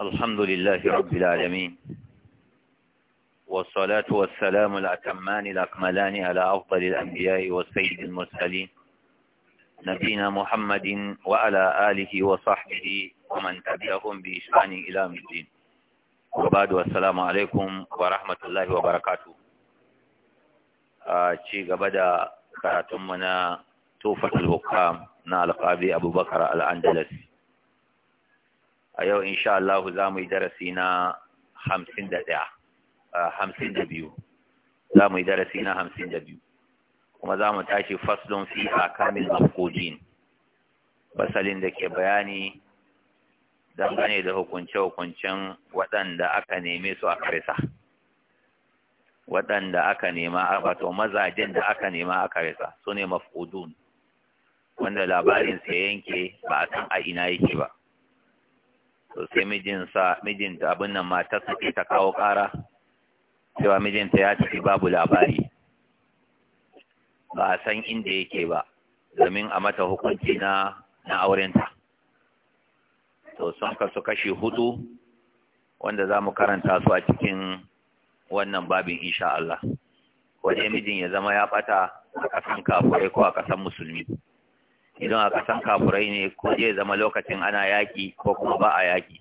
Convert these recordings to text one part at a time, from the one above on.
الحمد لله رب العالمين والصلاة والسلام الأتمان الأكملان على أفضل الأنبياء والسيد المرسلين نبينا محمد وعلى آله وصحبه ومن تبعهم بإشعان إلى الدين وبعد والسلام عليكم ورحمة الله وبركاته شيء بدأ كراتمنا توفة الحكام نال قاضي أبو بكر الأندلسي a yau insha Allah za mu yi darasi na hamsin da ɗaya hamsin da biyu za mu yi darasi na hamsin da biyu kuma za mu tashi faslon fi a kamil mafkojin fasalin da ke bayani dangane da hukunce-hukuncen waɗanda aka neme su a karisa waɗanda aka nema a wato mazajen da aka nema a karisa su ne mafkudun wanda labarin sai yanke ba a san a ina yake ba sai mijinsa mijinta abin nan matarsa ke ta kawo ƙara cewa mijinta ya tafi babu labari ba a san inda yake ba domin a mata hukunci na na aurenta to sun kasu kashi hudu wanda za mu karanta su a cikin wannan babin insha Allah ko dai mijin ya zama ya bata a kasan kafurai ko a ƙasan musulmi idan aka san kafurai ne ko zai zama lokacin ana yaki ko ba a yaki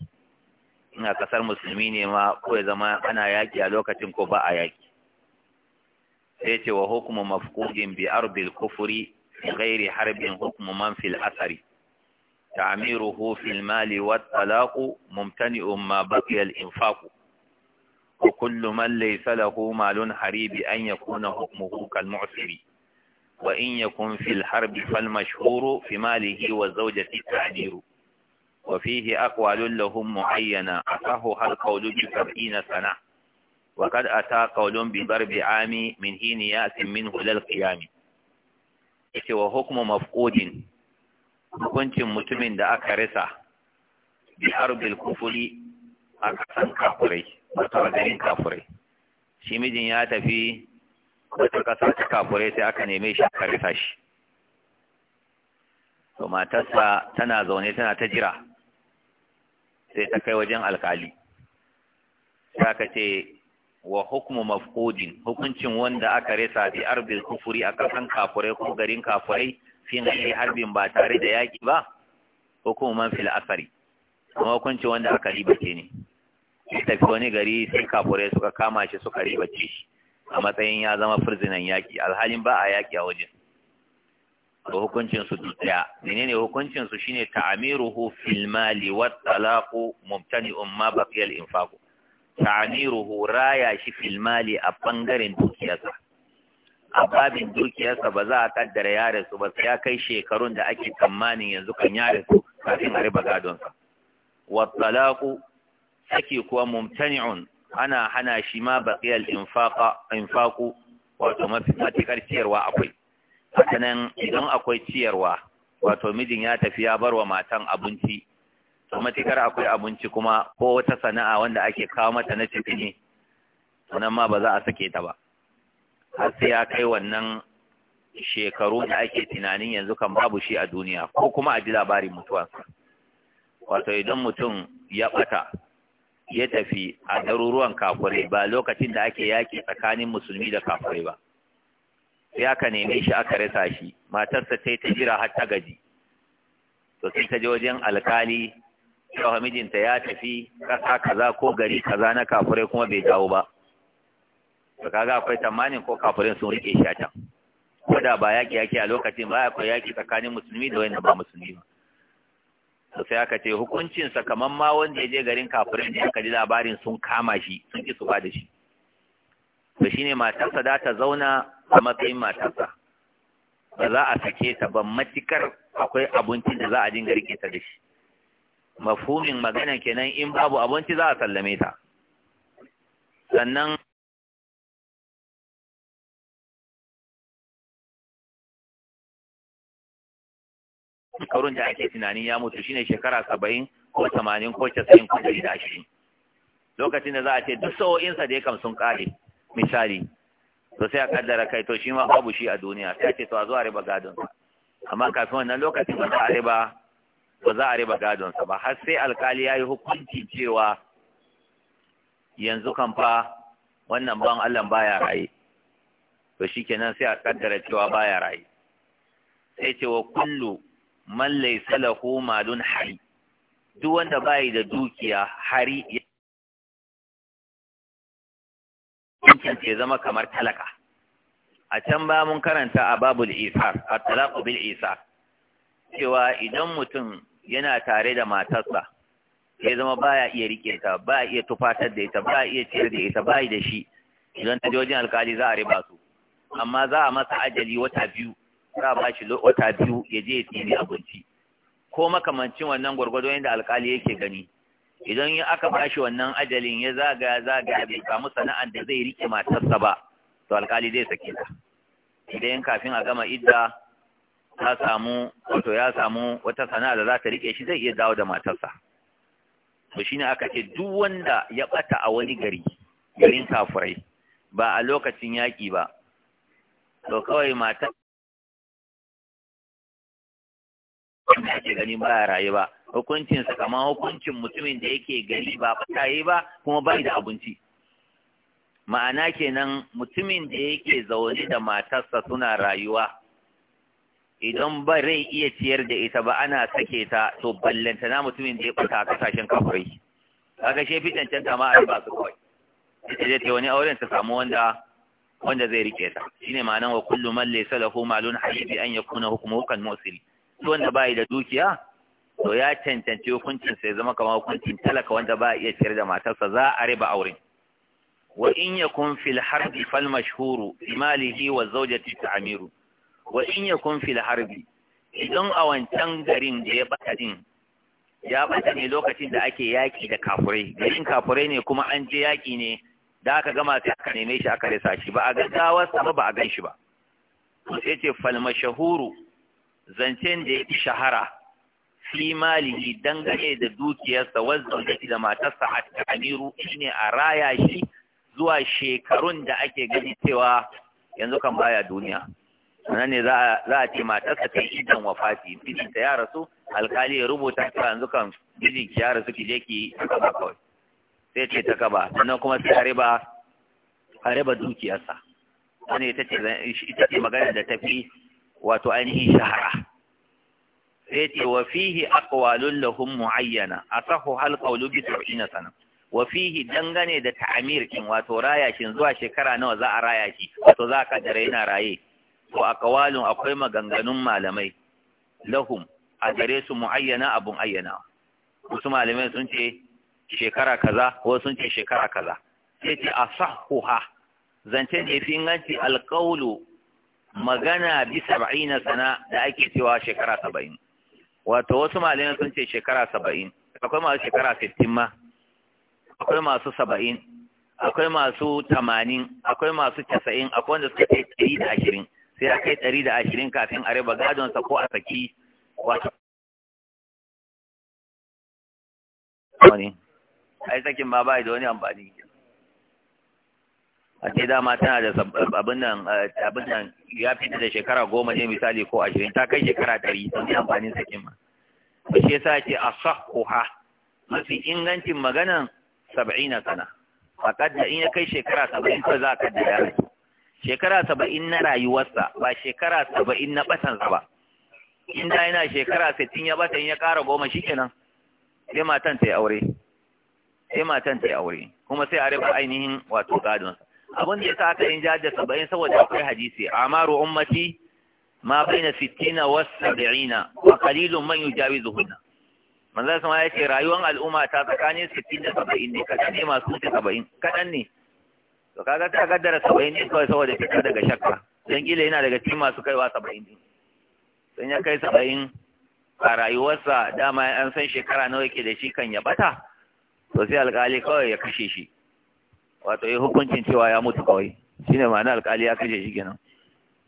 in a musulmi ne ma ko ya zama ana yaki a lokacin ko ba a yaki sai ce wa hukumu mafkudin bi arbil kufuri gairi harbin hukumu man fil asari ta'miru hu fil mali wa talaqu mumtani umma baqiya al infaqu wa kullu man laysa lahu malun haribi an yakuna hukmuhu kal mu'tiri wa in ya fil harbi fal mashhuru fi malihi wa zawjati ta'diru wa fihi aqwalun lahum muayyana asahu har qawlu bi na sana wa a ata qawlun bi darbi ami min hini yatin minhu lil qiyam yace wa hukmu mafkodin. hukuncin mutumin da aka rasa bi harbil kufuri a kasan kafurai wato garin kafurai shi mijin ya tafi wata ƙasa ta kafurai sai aka neme shi aka rasa shi to matarsa tana zaune tana ta jira sai ta kai wajen alkali sai aka ce wa hukumu mafqudin hukuncin wanda aka rasa bi arbi, kufuri a kasan kafurai ko garin kafurai fi na iya harbin ba tare da yaki ba man fil asari kuma hukuncin wanda aka ribace ne sai tafi wani gari sai kafurai suka kama shi suka ribace shi a matsayin ya zama firzinan yaƙi alhalin ba a yaƙi a wajen da hukuncinsu duk ɗaya menene hukuncinsu shine ta'amiruhu fil mali wa talaqu mubtani'un ma baqiya al infaq ta'amiruhu raya shi fil mali a bangaren dukiyarsa a babin dukiyarsa ba za a kaddara yare su ba ya kai shekarun da ake tsammanin yanzu kan yare su kafin a riba sa wa talaqu saki kuwa mumtani'un ana hana shi ma baqiyal infaqa infaqu wato matikar ciyarwa akwai hakanan idan akwai ciyarwa wato mijin ya tafi ya barwa matan abinci to matikar akwai abinci kuma ko wata sana'a wanda ake kawo mata na cikini sannan ma ba za a sake ta ba har sai ya kai wannan shekaru da ake tunanin yanzu kan babu shi a duniya ko kuma a ji labarin mutuwa wato idan mutum ya ɓata. ya tafi a daruruwan kafirai ba lokacin da ake yaƙi tsakanin musulmi da kafirai ba sai aka neme shi aka rasa shi matarsa sai ta jira har ta gaji to sai ta je wajen alkali cewa mijinta ya tafi ƙasa kaza ko gari kaza na kafirai kuma bai dawo ba to kaga akwai tamanin ko kafirin sun rike shi a can ko da ba yaƙi yaƙi a lokacin ba akwai yaƙi tsakanin musulmi da wanda ba musulmi ba to sai aka ce hukuncin sa kaman ma wanda ya je garin kafirin da aka ji labarin sun kama shi sun ki su ba da shi to shine matarsa da ta zauna a matsayin matarsa ba za a sake ta ba matikar akwai abincin da za a dinga rike ta da shi mafhumin magana kenan in babu abinci za a sallame ta sannan shekarun da ake tunanin ya mutu shine shekara saba'in ko tamanin ko casa'in ko ɗari da ashirin lokacin da za a ce duk sa'o'insa da ya kam sun kare. misali to sai a kaddara kai to shi ma babu shi a duniya sai a ce to a zo a riba gadonsa amma kafin wannan lokacin ba za a riba ba za a riba gadonsa ba har sai alkali ya yi hukunci cewa yanzu kan fa wannan ban Allah baya raye to shi kenan sai a kaddara cewa baya raye sai ce wa kullu man laisa lahu malun hari duk wanda bai da dukiya hari yankin ya zama kamar talaka a can ba mun karanta a babul isar a talaku bil isar cewa idan mutum yana tare da matarsa ya zama baya iya rike ta ba iya tufatar da ita ba iya ciyar da ita ba da shi idan ta jojin alkali za a riba su amma za a masa ajali wata biyu za a ba shi wata biyu ya je ya tsini abinci ko makamancin wannan gwargwado yadda alkali yake gani idan ya aka ba shi wannan ajalin ya zaga zaga bai samu sana'ar da zai rike matarsa ba to alkali zai sake ta idan kafin a gama idda ta samu wato ya samu wata sana'a da za ta rike shi zai iya dawo da matarsa to shine aka ce duk wanda ya bata a wani gari garin kafurai ba a lokacin yaƙi ba to kawai matar wanda ake gani ba ya rayu ba hukuncin sa kamar hukuncin mutumin da yake gari ba fataye ba kuma bai da abinci ma'ana kenan mutumin da yake zaune da matarsa suna rayuwa idan ba rai iya ciyar da ita ba ana sake ta to ballantana mutumin da ya bata a kasashen kafirai kaga she fi cancanta ma a ba su kawai ita je ta wani auren ta samu wanda wanda zai rike ta shine ma'anan wa kullu man laysa lahu malun hayi bi an yakuna hukumu kan musulmi wanda bai da dukiya to ya cancanci hukuncin sai zama kamar hukuncin talaka wanda ba iya ciyar da matarsa za a riba auren wa in yakun fil harbi fal mashhuru bi malihi wa zawjati ta'miru wa in yakun fil harbi idan a wancan garin da ya bata din ya bata ne lokacin da ake yaki da kafurai garin kafurai ne kuma an je yaki ne da aka gama sai aka neme shi aka rasa shi ba a ga ba ba a gan shi ba sai ce fal mashhuru zancen da ya fi shahara fi malihi dangane da dukiyarsa wanda da da matarsa a shi shine a raya shi zuwa shekarun da ake gani cewa yanzu kan baya duniya nan ne za a ce matarsa ta idan wafati mijinta ya rasu alkali ya rubuta ta yanzu kan mijinki ya rasu ki je ki kaba kawai sai ce ta kaba sannan kuma sai a riba a riba dukiyarsa wani ita ce magana da tafi wato ainihin shahara sai ce wa fihi aqwalun lahum muayyana asahu hal qawlu bi 70 sana wa fihi dangane da ta'amir kin wato raya shin zuwa shekara nawa za a raya shi wato za ka dare yana raye to aqwalun akwai maganganun malamai lahum a gare su muayyana abun ayyana wasu malamai sun ce shekara kaza wasu sun ce shekara kaza sai ce asahuha zance ne fi inganci alqawlu magana bi saba'ina sana da ake cewa shekara saba'in wato wasu malamai sun ce shekara saba'in akwai masu shekara sittin ma akwai masu saba'in akwai masu tamanin akwai masu casa'in akwai wanda suka kai ɗari da ashirin sai ya kai ɗari da ashirin kafin a raba gadonsa ko a saki wato wani ai sakin ma bai da wani amfani a ce dama tana da abin nan eh, abin nan ya fi da shekara goma ne misali ko ashirin ta kai shekara ɗari sun yi amfanin sakin ma ba shi yasa ce a ha mafi ingancin maganan na sana a kadda in ya kai shekara saba'in ko za kadda da rasu shekara saba'in na rayuwarsa ba shekara saba'in na batansa ba in da yana shekara sittin ya bata in ya ƙara goma shi kenan sai matan ta yi aure sai matan ta yi aure kuma sai a raba ainihin wato gadonsa abin da ya sa aka yin jada saba'in saboda akwai hadisi amaru ummati ma baina sittina wa sab'ina wa qalilun man yujawizuhunna manzo sama ya ce rayuwar al'umma ta tsakanin sittin da saba'in ne kadan ne masu wuce saba'in kadan ne to kaga ta kaddara saba'in ne kawai saboda fitar daga shakka dan kila yana daga cikin masu kaiwa saba'in ne. dan ya kai saba'in a rayuwarsa dama an san shekara nawa yake da shi kan ya bata to sai alƙali kawai ya kashe shi wato ya eh, hukuncin cewa ya mutu kawai Shi ne ma'ana alkali ya kashe shi kenan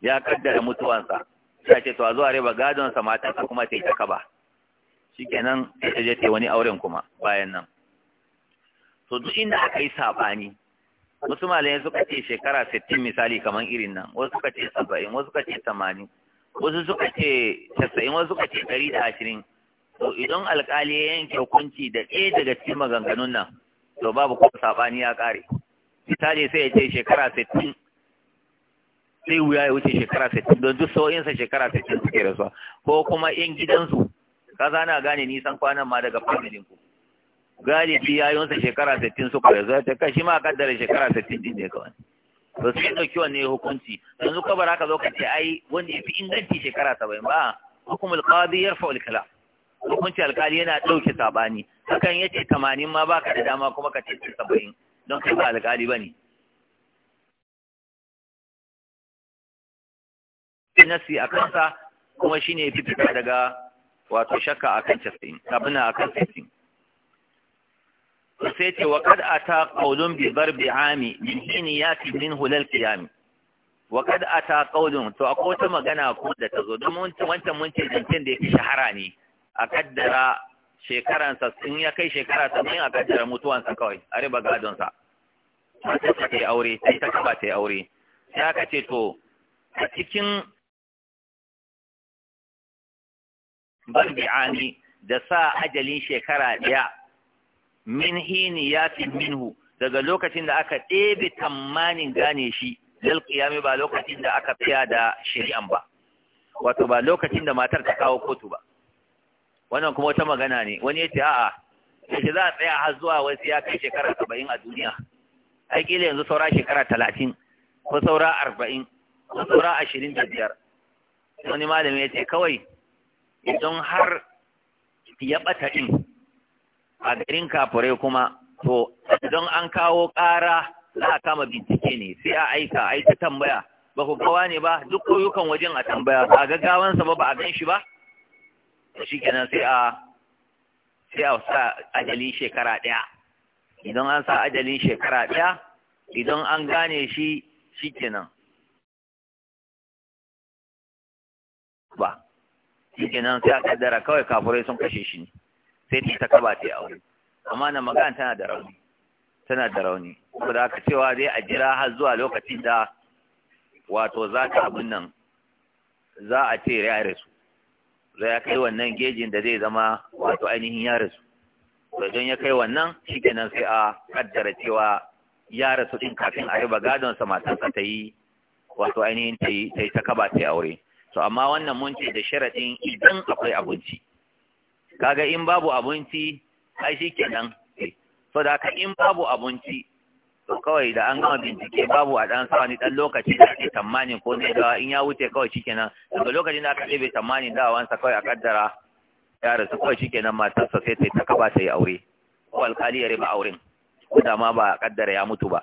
ya kaddara mutuwansa ya ce to a zuwa riba gadonsa matarsa kuma ta yi ta kaba kenan ta je ta wani auren kuma bayan nan to duk inda aka yi sabani wasu malamai suka ce shekara sittin misali kamar irin nan wasu suka ce 70 wasu suka ce 80 wasu suka ce 90 wasu suka ce da ashirin. to idan alkali ya yanke hukunci da ɗaya daga cikin maganganun nan to babu kuma sabani ya kare misali sai ya ce shekara sittin. sai wuya ya wuce shekara sittin don duk sa shekara sittin suke rasuwa ko kuma in gidansu ka zana gane nisan kwanan ma daga familin ku galibi yayunsa shekara sittin suka rasu ta kashi ma kaddara shekara sittin din ne kawai to sai dauki wanne hukunci yanzu ka bara ka zo ka ce ai wanda ya fi inganci shekara 70 ba hukumul qadi yarfa ul kalam hukunci alkali yana ɗauke saɓani hakan ya ce tamanin ma baka da dama kuma ka ce saba'in don kai ba alkali ba ne nasi a kansa kuma shi ne fitar daga wato shakka a kan casa'in abin a kan casa'in sai ce wa kad ata qawlun bi darbi ami min hini fi min hular qiyami wa kad ta ƙaunin, to a wata magana ko da ta zo domin wancan mun ce zancen da fi shahara ne a kaddara shekaransa in ya kai shekara saba'in a kaddara mutuwansa kawai a riba gadonsa matasa ta yi aure sai ta kaba ta yi aure Ya ka ce to a cikin balbi'ani da sa ajalin shekara ɗaya min hini ya fi minhu daga lokacin da aka ɗebe tamanin gane shi lal ba lokacin da aka fiya da shari'an ba wato ba lokacin da matar ta kawo kotu ba wannan kuma wata magana ne wani yace, ce a'a yace za a tsaya har zuwa wasu ya kai shekara saba'in a duniya ai yanzu saura shekara talatin ko saura arba'in ko saura ashirin da biyar wani malami ya ce kawai idan har ya ɓata ɗin a garin kafurai kuma to idan an kawo ƙara za a kama bincike ne sai a aika a tambaya ba ku kawa ne ba duk ƙauyukan wajen a tambaya a gaggawansa ba ba a gan shi ba to shi kenan sai a sai a sa ajalin shekara ɗaya idan an sa ajalin shekara ɗaya idan an gane shi shi kenan ba shi kenan sai a kaddara kawai kafurai sun kashe shi ne sai ta kaba ta aure amma na magana tana da rauni tana da rauni da aka cewa zai a jira har zuwa lokacin da wato za ta abin nan za a ce ya rasu da ya kai wannan gejin da zai zama wato ainihin ya rasu to idan ya kai wannan shi shikenan sai a kaddara cewa ya rasu ɗin kafin a riba gadon sa sa ta yi wato ainihin ta yi ta yi ta kaba ta aure to amma wannan mun ce da sharaɗin idan akwai abinci kaga in babu abinci ai shikenan eh, so da haka in babu abinci to kawai da an gama bincike babu a ɗan ni ɗan lokaci da ake tamanin ko ne dawa in ya wuce kawai shikenan daga lokacin da aka ɗebe tamanin wansa kawai a kaddara ya rasu kawai shikenan matarsa sai ta ta kaba ta yi aure ko alkali ya riba auren ko da ma ba a kaddara ya mutu ba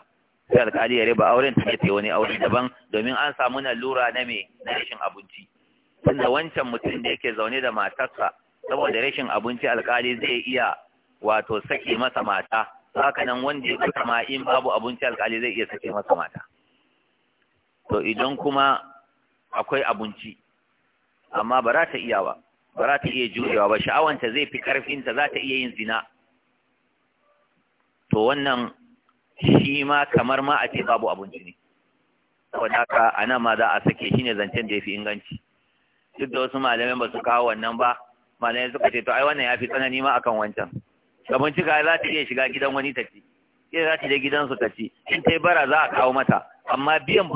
sai alkali ya riba auren ta ce wani aure daban domin an samu na lura na me na rashin abinci tunda wancan mutum da yake zaune da matarsa saboda rashin abinci alkali zai iya wato saki masa mata haka nan wanda ya kusa ma in babu abinci alkali zai iya sake masa mata to idan kuma akwai abinci amma ba za ta iya ba ba za ta iya jurewa ba sha'awanta zai fi karfinta za ta iya yin zina to wannan shi ma kamar ma a ce babu abinci ne saboda haka a nan ma za a sake shi ne zancen da ya fi inganci duk da wasu malamai ba su kawo wannan ba malamai suka ce to ai wannan ya fi tsanani ma akan wancan kamar cika za ta iya shiga gidan wani ta ci za ta je gidansu ta ci in ta yi bara za a kawo mata amma biyan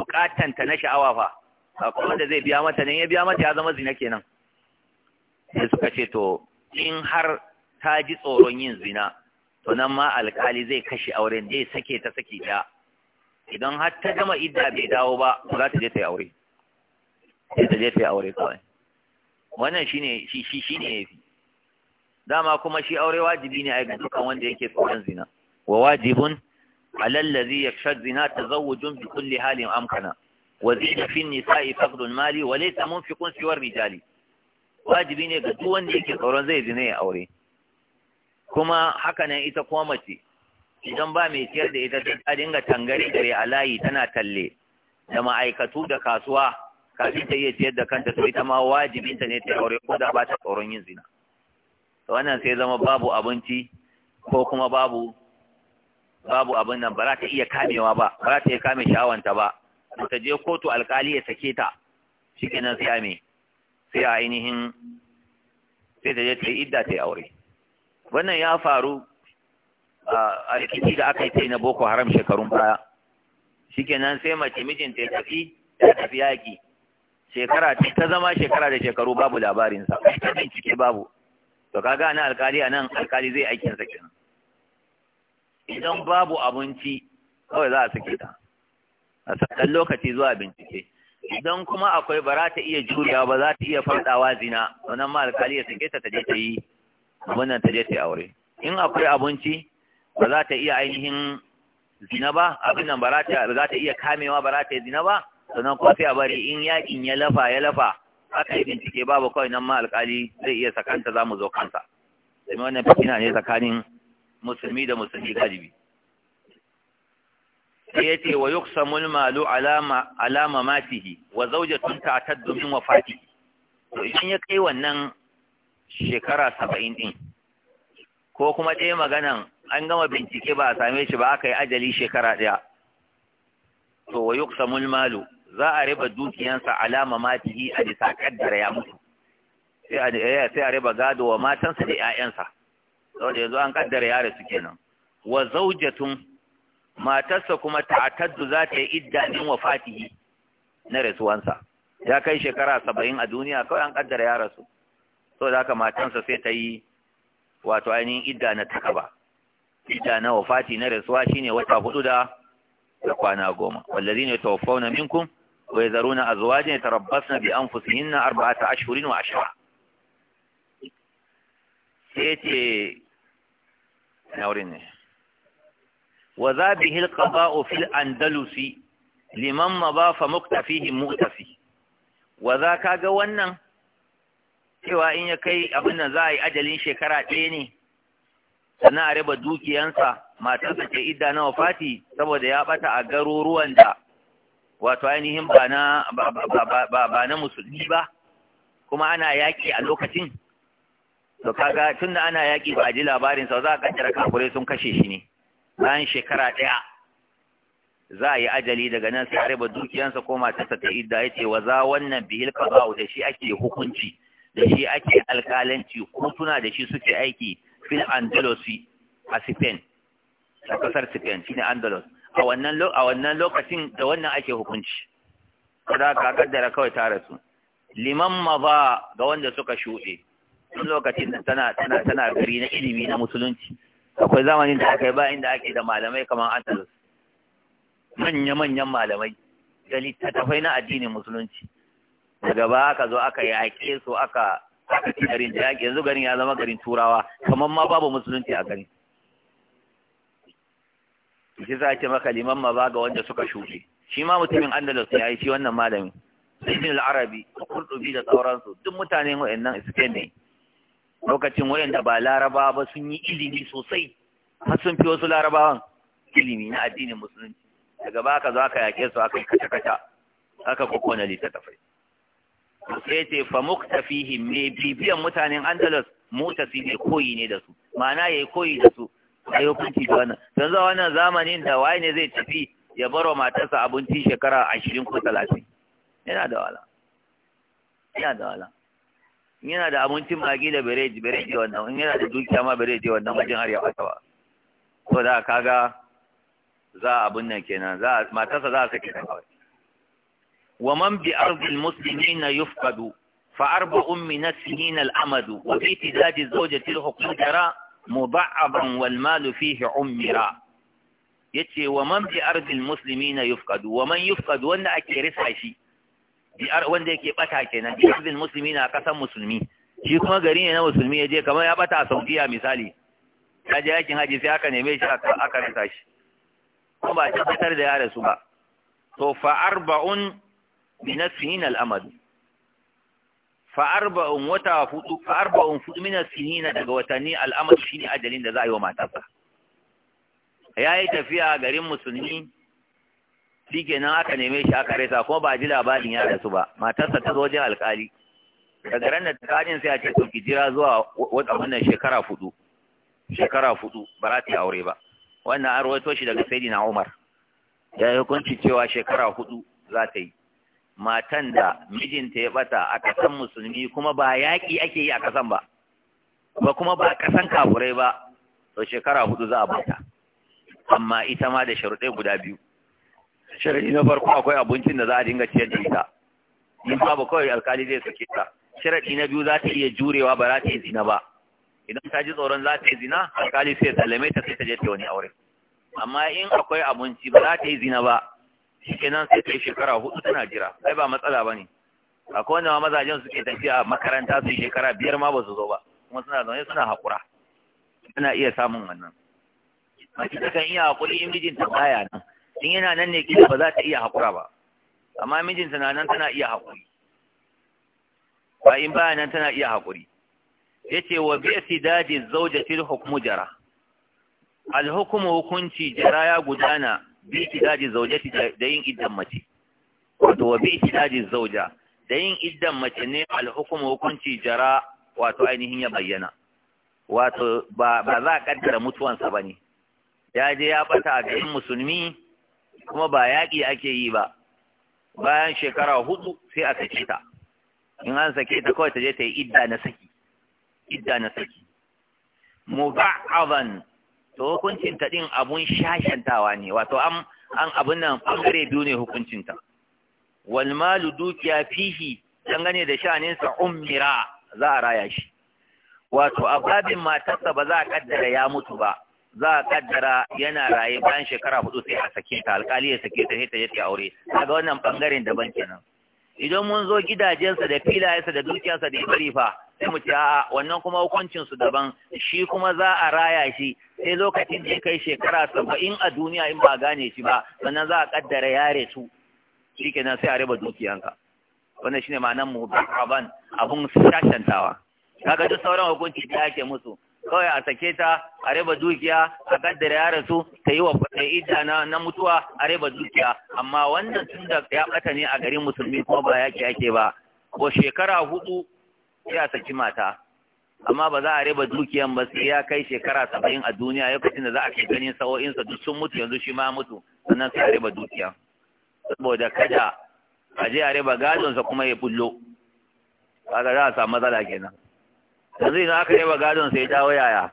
ta na sha'awa fa akwai wanda zai biya mata ne ya biya mata ya zama zina kenan sai suka ce to in har ta ji tsoron yin zina to nan ma alkali zai kashe auren zai sake ta sake ta idan har ta gama idda bai dawo ba za ta je ta yi aure sai ta je ta yi aure kawai wannan shine shi shi shine yafi dama kuma shi aure wajibi ne a ga dukkan wanda yake tsoron zina wa wajibun alal ladhi yakhsha zina tazawwujun bi kulli halin amkana wa zina fi nisa'i faqdul mali wa laysa munfiqun fi rijali wajibi ne ga duk wanda yake tsoron zai zina ya aure kuma haka nan ita kuma mace idan ba mai ciyar da ita ta dinga tangare da a layi tana talle da ma'aikatu da kasuwa kafin ta iya ciyar da kanta to ita ma wajibinta ne ta aure ko da ba ta tsoron yin zina wannan sai zama babu abinci ko kuma babu babu abin nan ba za ta iya kamewa ba ba za ta iya kame sha'awanta ba ta je kotu alkali ya sake ta shikenan sai a me sai a ainihin sai ta je ta yi idda ta yi aure wannan ya faru a rikici da aka yi ta na boko haram shekarun baya shikenan sai mace mijinta ya tafi ya tafi yaƙi shekara ta zama shekara da shekaru babu labarinsa ta babu to kaga anan alkali nan alkali zai aikin sa kenan idan babu abinci kawai za a sake ta a sakan lokaci zuwa bincike idan kuma akwai ba za ta iya juriya ba za ta iya farɗawa zina wannan ma alkali ya sake ta ta je ta yi nan ta je ta yi aure in akwai abinci ba za ta iya ainihin zina ba abin nan ba za ta iya kamewa ba za ta yi zina ba sannan kuma sai a bari in yakin ya lafa ya lafa aka yi bincike babu kawai nan ma alkali zai iya sakanta za mu zo kansa domin wannan fitina ne tsakanin musulmi da musulmi galibi sai ya ce wa yuksamul malu alama matihi wa zauje ta ta'taddu wa wafatihi to idan ya kai wannan shekara saba'in din ko kuma ɗaya maganan an gama bincike ba a same shi ba aka yi ajali shekara ɗaya to wa yuksamul malu za a riba dukiyansa alama matihi a bisa kaddara ya mutu sai a eh, riba gado wa matansa da 'ya'yansa saboda yanzu an kaddara ya rasu kenan wa zaujatun matarsa kuma ta'attadu za ta yi idda min wafatihi na rasuwansa ya kai shekara saba'in a duniya kawai an kaddara ya rasu so da haka matansa sai ta yi wato ainihin idda na takaba idda na wafati na rasuwa shine wata hudu da kwana goma wallazi ne tawaffauna minkum wa yazaruna azwajan yatarabbasna bi anfusihinna arba'ata ashhurin wa ashra sai ce na wurin ne wa za bihi alqada'u fil andalusi liman maba fa muktafihim mu'tafi wa za kaga wannan cewa in ya kai abin nan za a yi ajalin shekara ɗaya ne sannan a raba dukiyansa matarsa ce idda na saboda ya ɓata a garuruwan da wato ainihin ba na musulmi ba kuma ana yaƙi a lokacin to kaga tunda ana yaƙi ba a ji labarin sa za a kaddara kafirai sun kashe shi ne bayan shekara ɗaya za a yi ajali daga nan sai raba dukiyansa ko matarsa ta idda ya ce wa za wannan bihil qada'u da shi ake hukunci da shi ake alƙalanci tuna da shi suke aiki fil andalusi a Spain a ƙasar Spain shine Andalus a wannan a wannan lokacin da wannan ake hukunci kada ka kaddara kawai ta rasu liman maza ga wanda suka shuɗe tun lokacin da tana tana tana gari na ilimi na musulunci akwai zamanin da aka yi ba inda ake da malamai kamar andalus manya manyan malamai da littattafai na addinin musulunci daga ba aka zo aka yaƙe su aka aka ci garin da yaƙe yanzu garin ya zama garin turawa kamar ma babu musulunci a garin shi za a ce maka liman ma ba ga wanda suka shuke shi ma mutumin andalus ya yi shi wannan malami ibn al-arabi kurdubi da sauransu duk mutanen wayannan suke ne lokacin wayanda ba laraba ba sun yi ilimi sosai har sun fi wasu larabawan ilimi na addinin musulunci daga baka za ka yake su aka kata aka kokona littattafai sai ce fa muktafihim me bibiyan mutanen andalus mutasi ne koyi ne da su ma'ana yayi koyi da su ai hukunci ga wannan yanzu zuwa wannan zamanin da waye ne zai tafi ya bar wa matarsa abinci shekara ashirin ko talatin yana da wala yana da wala yana da abincin magi da bereji bereji wannan in yana da dukiya ma bereji wannan wajen har ya fata ba to da kaga za a abin nan kenan za matarsa za a sake ta kawai wa man bi ardil muslimina yufqadu fa arba'un min as-sinin al-amadu wa bi tidadi zawjati al-hukm tara mudha'aban wal malu fihi ummira yace wa man bi ardil muslimina yufqadu wa man yufqadu wanda ake risa shi wanda yake bata kenan bi ardil muslimina kasan musulmi shi kuma gari ne na musulmi yaje kamar ya bata a Saudiya misali kaje yakin haji sai aka neme shi aka risa shi kuma ba tabbatar da yare su ba to fa arba'un bi nasfin al-amad fa'arba'un wata hudu fa'arba'un hudu min sinina daga watanni al'amar shine ajalin da za a yi wa matarsa yayi tafiya garin musulmi shikenan aka neme shi aka rasa kuma ba ji labarin ya rasu ba matarsa ta zo wajen alkali daga ran da tsarin sai a ce to ki jira zuwa wata wannan shekara hudu shekara hudu ba za ta aure ba wannan an rawaito shi daga sayyidina Umar ya yi hukunci cewa shekara hudu za ta yi matan da mijinta ya bata a kasan musulmi kuma ba yaƙi ake yi a kasan ba ba kuma ba kasan kafurai ba to shekara hudu za a bata amma ita ma da sharuɗai guda biyu sharaɗi na farko akwai abincin da za a dinga ciyar da ita in babu kawai alkali zai sake ta sharaɗi na biyu za ta iya jurewa ba za ta yi zina ba idan ta ji tsoron za ta yi zina alkali sai ta lame ta sai ta je ta wani aure amma in akwai abinci ba za ta yi zina ba shikenan sai kai shekara hudu tana jira ai ba matsala ba ne. akwai wanda mazajen suke tafiya makaranta su shekara biyar ma ba su zo ba kuma suna zaune suna haƙura suna iya samun wannan mace kan iya haƙuri in mijinta baya nan in yana nan ne kila ba za ta iya haƙura ba amma mijinta na nan tana iya haƙuri ba in baya nan tana iya haƙuri ce wa biya si zawjati zaujatil hukumu jara alhukumu hukunci jara ya gudana bi tidaji zaujati da yin iddan mace wato wa bi tidaji zauja da yin iddan mace ne alhukumu hukunci jara wato ainihin ya bayyana wato ba za a kaddara mutuwansa ba ne ya je ya bata a garin musulmi kuma ba yaƙi ake yi ba bayan shekara hudu sai a sake ta in an sake ta kawai ta je ta yi idda na saki idda na saki to hukuncin ta din abun shashantawa ne wato an an abun nan bangare biyu ne hukuncin ta wal malu dukiya fihi gane da shanin sa ummira za a raya shi wato ababin matarsa ba za a kaddara ya mutu ba za a kaddara yana raye bayan shekara hudu sai a sake ta alkali ya sake ta sai ta je aure kaga wannan bangaren daban kenan idan mun zo gidajensa da filayensa da dukiyarsa da ibarifa fa sai mu ce a wannan kuma hukuncin su daban shi kuma za a raya shi sai lokacin da kai shekara saba'in a duniya in ba gane shi ba sannan za a kaddara yare su shikenan sai a raba dukiyanka wannan shine ma'anar mu ban abun kaga duk sauran hukunci da ake musu kawai a sake ta a raba dukiya a kaddara ya rasu ta yi wa idda na, na mutuwa a raba dukiya amma wannan tun da ya bata ne a garin musulmi kuma ba yaki yake ba ko shekara hudu sai a saki mata amma ba za a raba dukiyan ba sai ya kai shekara saba'in a duniya lokacin da za a ke ganin sa'o'insa duk sun mutu yanzu shi ma mutu sannan sai a raba dukiya saboda kada a je a raba gadonsa kuma ya bullo kaga za a samu matsala kenan yanzu idan aka yi wa gadon sai dawo yaya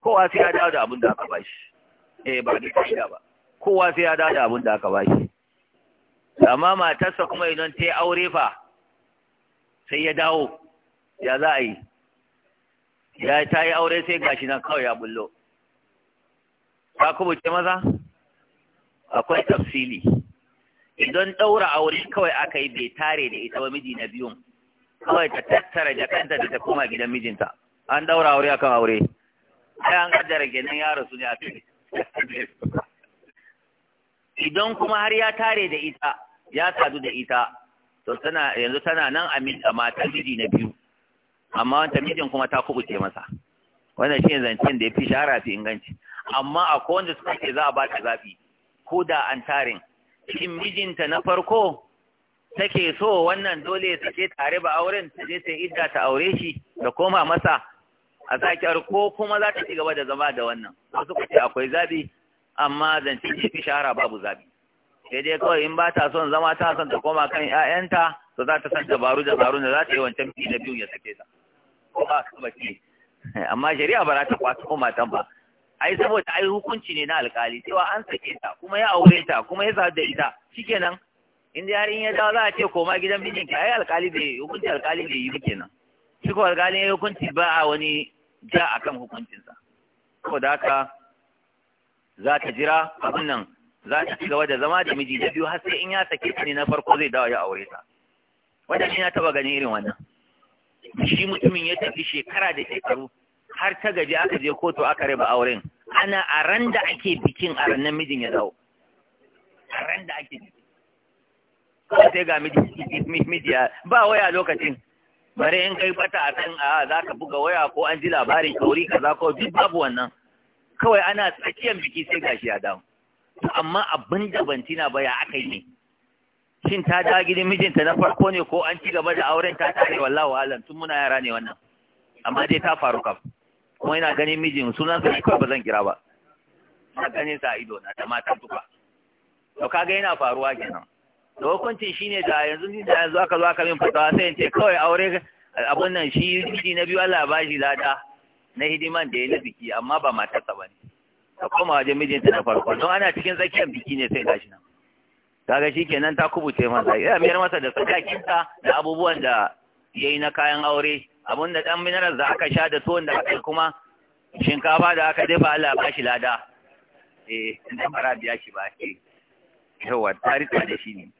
kowa sai ya dawo da abin da aka bashi eh ba da ka'ida ba kowa sai ya dawo da abin da aka bashi amma matarsa kuma idan ta yi aure fa sai ya dawo ya za a yi ya ta yi aure sai gashi nan kawai ya bullo ka kubuce maza akwai tafsili idan ɗaura aure kawai aka yi bai tare da ita ba miji na biyun kawai ta tattara jakanta da ta koma gidan mijinta an daura aure akan aure sai an kaddara kenan ya rasu ne a kai. idan kuma har ya tare da ita ya sadu da ita to tana yanzu tana nan a matan miji na biyu amma wanda mijin kuma ta kubuce masa wannan shi zancen da ya fi shahara fi inganci amma a wanda suka ce za a ba ta zafi. ko da an tarin shin mijinta na farko take so wannan dole ya sake tare ba auren ta je ta idda ta aure shi da koma masa a zakiyar ko kuma za ta ci gaba da zama da wannan wasu kuce akwai zabi amma zance ce fi shahara babu zabi sai dai kawai in ba ta son zama ta son ta koma kan 'ya'yanta to za ta san dabaru da dabaru da za ta yi wancan fi na biyun ya sake ta ko ba ka baki amma shari'a ba za ta kwato ko matan ba ai saboda ai hukunci ne na alkali cewa an sake ta kuma ya aure ta kuma ya sa da ita shikenan in dai har ya dawo za a ce koma gidan mijin ki ai alkali bai hukunci alkali bai yi kenan shi ko alkali ya hukunci ba a wani ja akan hukuncinsa saboda haka za ta jira abin nan za ta ci gaba da zama da miji da biyu har sai in ya sake ta ne na farko zai dawo ya aure ta wanda shi na taba ganin irin wannan shi mutumin ya tafi shekara da shekaru har ta gaji aka je kotu aka raba auren ana a da ake bikin a ran ya dawo a da ake bikin kawai sai ga midiya ba waya lokacin bare in kai fata a kan a za ka buga waya ko an ji labarin kauri kaza ko duk babu wannan kawai ana tsakiyar biki sai gashi ya dawo amma abin da ban tina ba ya aka yi shin ta da gidan mijinta na farko ne ko an ci gaba da auren ta tare wallahi alam tun muna yara ne wannan amma dai ta faru kam kuma ina ganin mijin sunan sa kawai ba zan kira ba ina ganin sa ido na da matan duka to kaga yana faruwa kenan da hukuncin ne da yanzu ni da yanzu aka zo aka min fatawa sai in ce kawai aure abun nan shi shi na biyu Allah ba shi lada na hidiman da ya na biki amma ba matarsa ba ne ta koma wajen mijinta na farko don ana cikin tsakiyar biki ne sai gashi nan kaga shi kenan ta kubuce masa ya miyar masa da sadakinta da abubuwan da ya yi na kayan aure abun da ɗan minarar da aka sha da tuwon da aka kuma shinkafa da aka dafa Allah ba shi lada eh dan fara biya shi ba shi eh, yawa tarihi da shi ne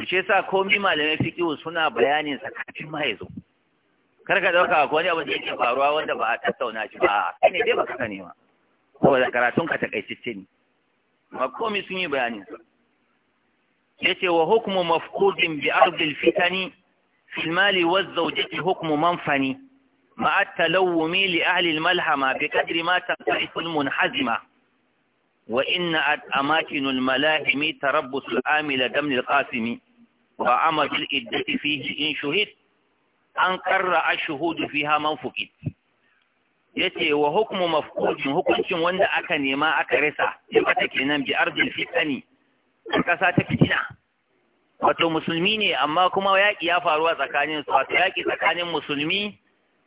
to shi yasa komi malamai fiqh suna bayanin sa kafin ma kar ka dauka ko wani abu da yake faruwa wanda ba a tattauna shi ba kai ne dai baka sani ba saboda karatun ka takaitacce ne ba sun yi bayanin sa yace wa hukmu mafqudin bi ardil fitani في المال والزوجة حكم منفني مع التلوم لأهل الملحمة بقدر ما تنطلق المنحزمة وإن أماكن الملاحم تربص العامل دمن القاسم wa amadul iddati fihi in shuhid an karra ashhudu fiha man fuqid yace wa hukmu mafqudin hukuncin wanda aka nema aka rasa yaba take nan bi ardil fitani kasa ta fitina wato musulmi ne amma kuma yaƙi ya faru a tsakanin su wato yaƙi tsakanin musulmi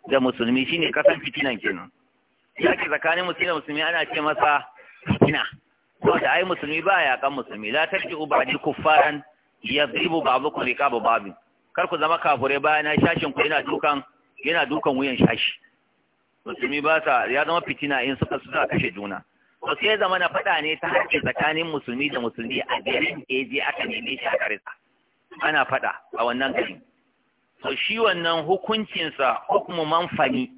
da musulmi shine kasan fitinan kenan yaƙi tsakanin musulmi da musulmi ana ce masa fitina wato ai musulmi ba ya kan musulmi la tarji'u ba'di kuffaran yadribu ba'dukum babu babu kar ku zama kafure bayan shashin ku yana dukan yana dukan wuyan shashi musulmi ba ta ya zama fitina in suka suka kashe juna to sai zama na fada ne ta hanyar tsakanin musulmi da musulmi a garin da aka neme shi a karisa ana fada a wannan garin to shi wannan hukuncinsa hukumu manfani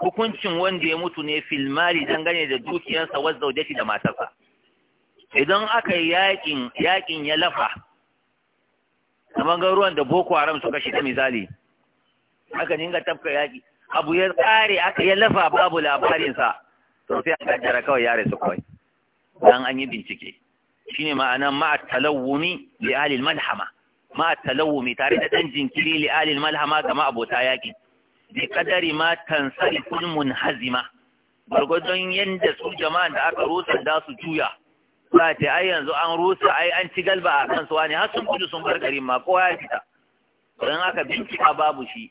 hukuncin wanda ya mutu ne filmari dangane da dukiyarsa wadda da matarsa idan aka yi yakin ya lafa kamar ga ruwan da boko haram suka shiga misali aka dinga tafka yaki abu ya tsare aka ya lafa babu labarinsa to sai aka jara kawai yare su kawai dan an yi bincike shine ma'ana ma talawumi li ahli malhama ma talawumi tare da dan jinkiri li ahli malhama kama abota yaki bi kadari ma mun munhazima gwargwadon yadda su jama'an da aka rusa da su juya za ta ai yanzu an rusa ai an ci galba a kan su wani har sun sun bar garin ma kowa ya fita don aka bincika babu shi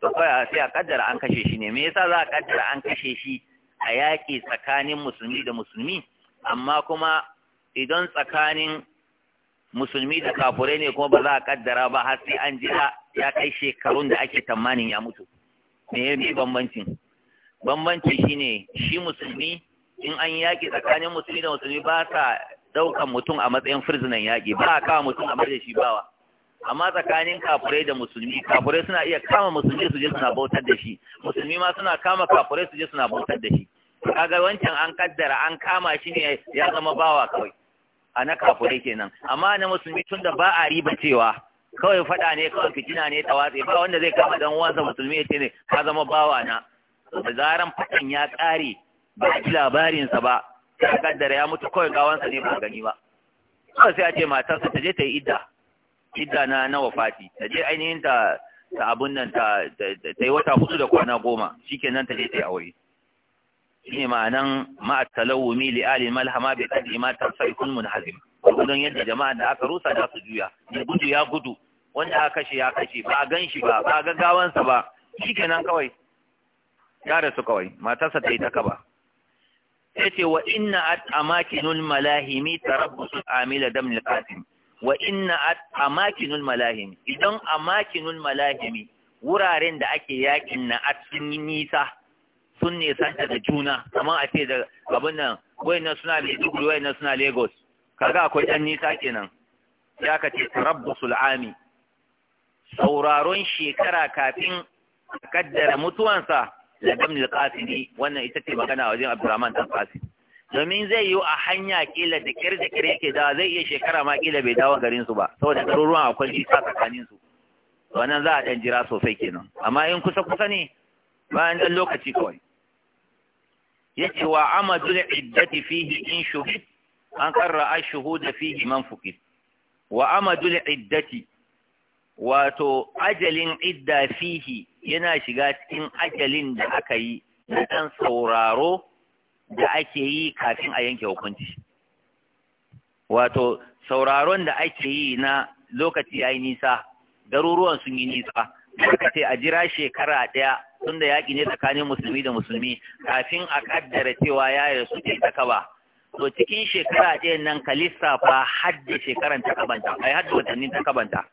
to kawai sai a kaddara an kashe shi ne me yasa za a kaddara an kashe shi a yaƙi tsakanin musulmi da musulmi amma kuma idan tsakanin musulmi da kafurai ne kuma ba za a kaddara ba har sai an ji ya kai shekarun da ake tamanin ya mutu me ya bambancin bambanci shine shi musulmi in an yaƙi tsakanin musulmi da musulmi ba sa ɗaukan mutum a matsayin firzinan yaƙi ba a kama mutum a da shi bawa amma tsakanin kafurai da musulmi kafurai suna iya kama musulmi su je suna bautar da shi musulmi ma suna kama kafurai su je suna bautar da shi kaga wancan an kaddara an kama shi ne ya zama bawa kawai a na kafurai kenan amma na musulmi tun da ba a riba cewa kawai faɗa ne kawai fitina ne tawatsi ba wanda zai kama dan uwansa musulmi ya ce ne ka zama bawa na da zaran faɗan ya ƙare ba a ji labarinsa ba ta kaddara ya mutu kawai gawansa ne ba gani ba kawai sai a ce matarsa ta je ta yi idda idda na na wafati ta je ainihin ta ta abun nan ta ta yi wata hudu da kwana goma shikenan ta je ta yi aure shine ma'anan ma'a talawumi li ali malhama bi sai kun mun hazim gudun yadda jama'a da aka rusa da su juya ya gudu ya gudu wanda aka kashe ya kashe ba a gan shi ba ba a gaggawansa ba shikenan kawai ya rasu kawai matarsa ta yi ta kaba yace wa inna at amakinul malahimi tarabbusu amila damn qasim wa inna at amakinul malahimi idan amakinul malahimi wuraren da ake yakin na at sun yi nisa sun nisanta da juna kamar a ce da abun nan na suna Maiduguri na suna Lagos kaga akwai dan nisa kenan ya ka ce tarabbusul ami sauraron shekara kafin kaddara mutuwansa da damil qasidi wannan ita ce magana wajen Abdurrahman dan Qasim domin zai yi a hanya kila da kir da kir yake dawa zai iya shekara ma kila bai dawo garin su ba saboda garuruwan akwai nisa tsakanin su wannan za a dan jira sosai kenan amma in kusa kusa ne bayan dan lokaci kawai yace wa amadul iddati fihi in shuhid an qarra ash-shuhud fihi man fuqid wa amadul iddati wato ajalin idda fihi yana shiga cikin ajalin da aka yi na ɗan sauraro da ake yi kafin a yanke hukunci wato sauraron da ake yi na lokaci ya yi nisa garuruwan sun yi nisa suka ce a jira shekara ɗaya tun da yaƙi ne tsakanin musulmi da musulmi kafin a ƙaddara cewa ya yi su ta kaba to cikin shekara ɗayan nan ka lissafa hadda shekaran ta ai hadda watannin ta kabanta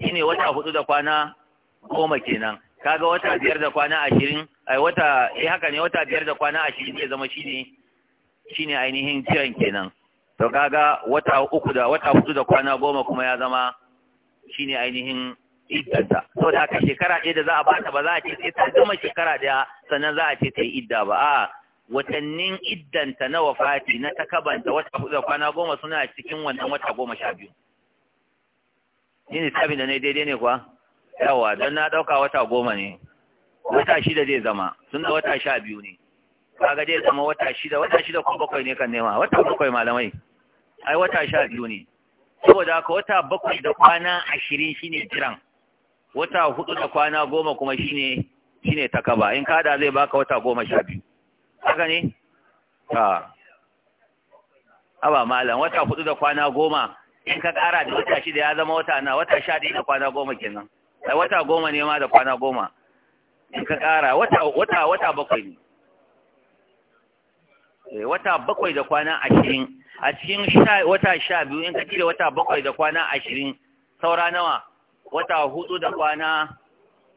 shine wata hudu da kwana goma kenan kaga wata biyar da kwana ashirin ai wata eh haka ne wata biyar da kwana ashirin zai zama shine shine ainihin kiran kenan to kaga wata uku da wata hudu da kwana goma kuma ya zama shine ainihin iddanta to da haka shekara ɗaya da za a bata ba za a ce sai ta gama shekara ɗaya sannan za a ce ta yi idda ba a watannin iddanta na wafati na takabanta wata hudu da kwana goma suna cikin wannan wata goma sha biyu ni lissafin da ne daidai ne kuwa yawa don na ɗauka wata goma ne wata shida zai zama sun da wata sha biyu ne kaga zai zama wata shida wata shida ko bakwai ne kan nema wata bakwai malamai ai wata sha biyu ne saboda haka wata bakwai da kwana ashirin shine jiran wata hudu da kwana goma kuma shine shine takaba in kada zai baka wata goma sha biyu haka ne ta aba malam wata hudu da kwana goma in ka ƙara da wata shida ya zama wata na wata sha ɗaya da kwana goma kenan ai wata goma ne ma da kwana goma in ka ƙara wata wata wata bakwai ne eh, wata bakwai da kwana ashirin a cikin wata sha biyu in ka cire wata bakwai da kwana ashirin saura nawa wata hudu da kwana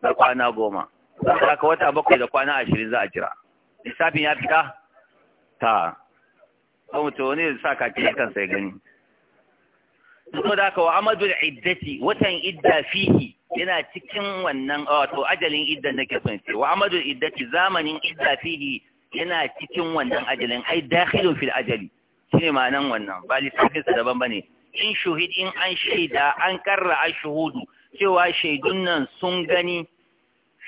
da kwana goma haka wata bakwai da kwana ashirin za a jira lissafin ya fita ta kuma to ne sa kake kansa sai gani kuma da wa amadul iddati watan idda fihi yana cikin wannan wato ajalin idda na ke son wa amadul iddati zamanin idda fihi yana cikin wannan ajalin ai dakhilu fil ajali shine ma'anan wannan ba lissafin sa daban bane in shuhid in an shaida an karra ashhudu cewa shaidun nan sun gani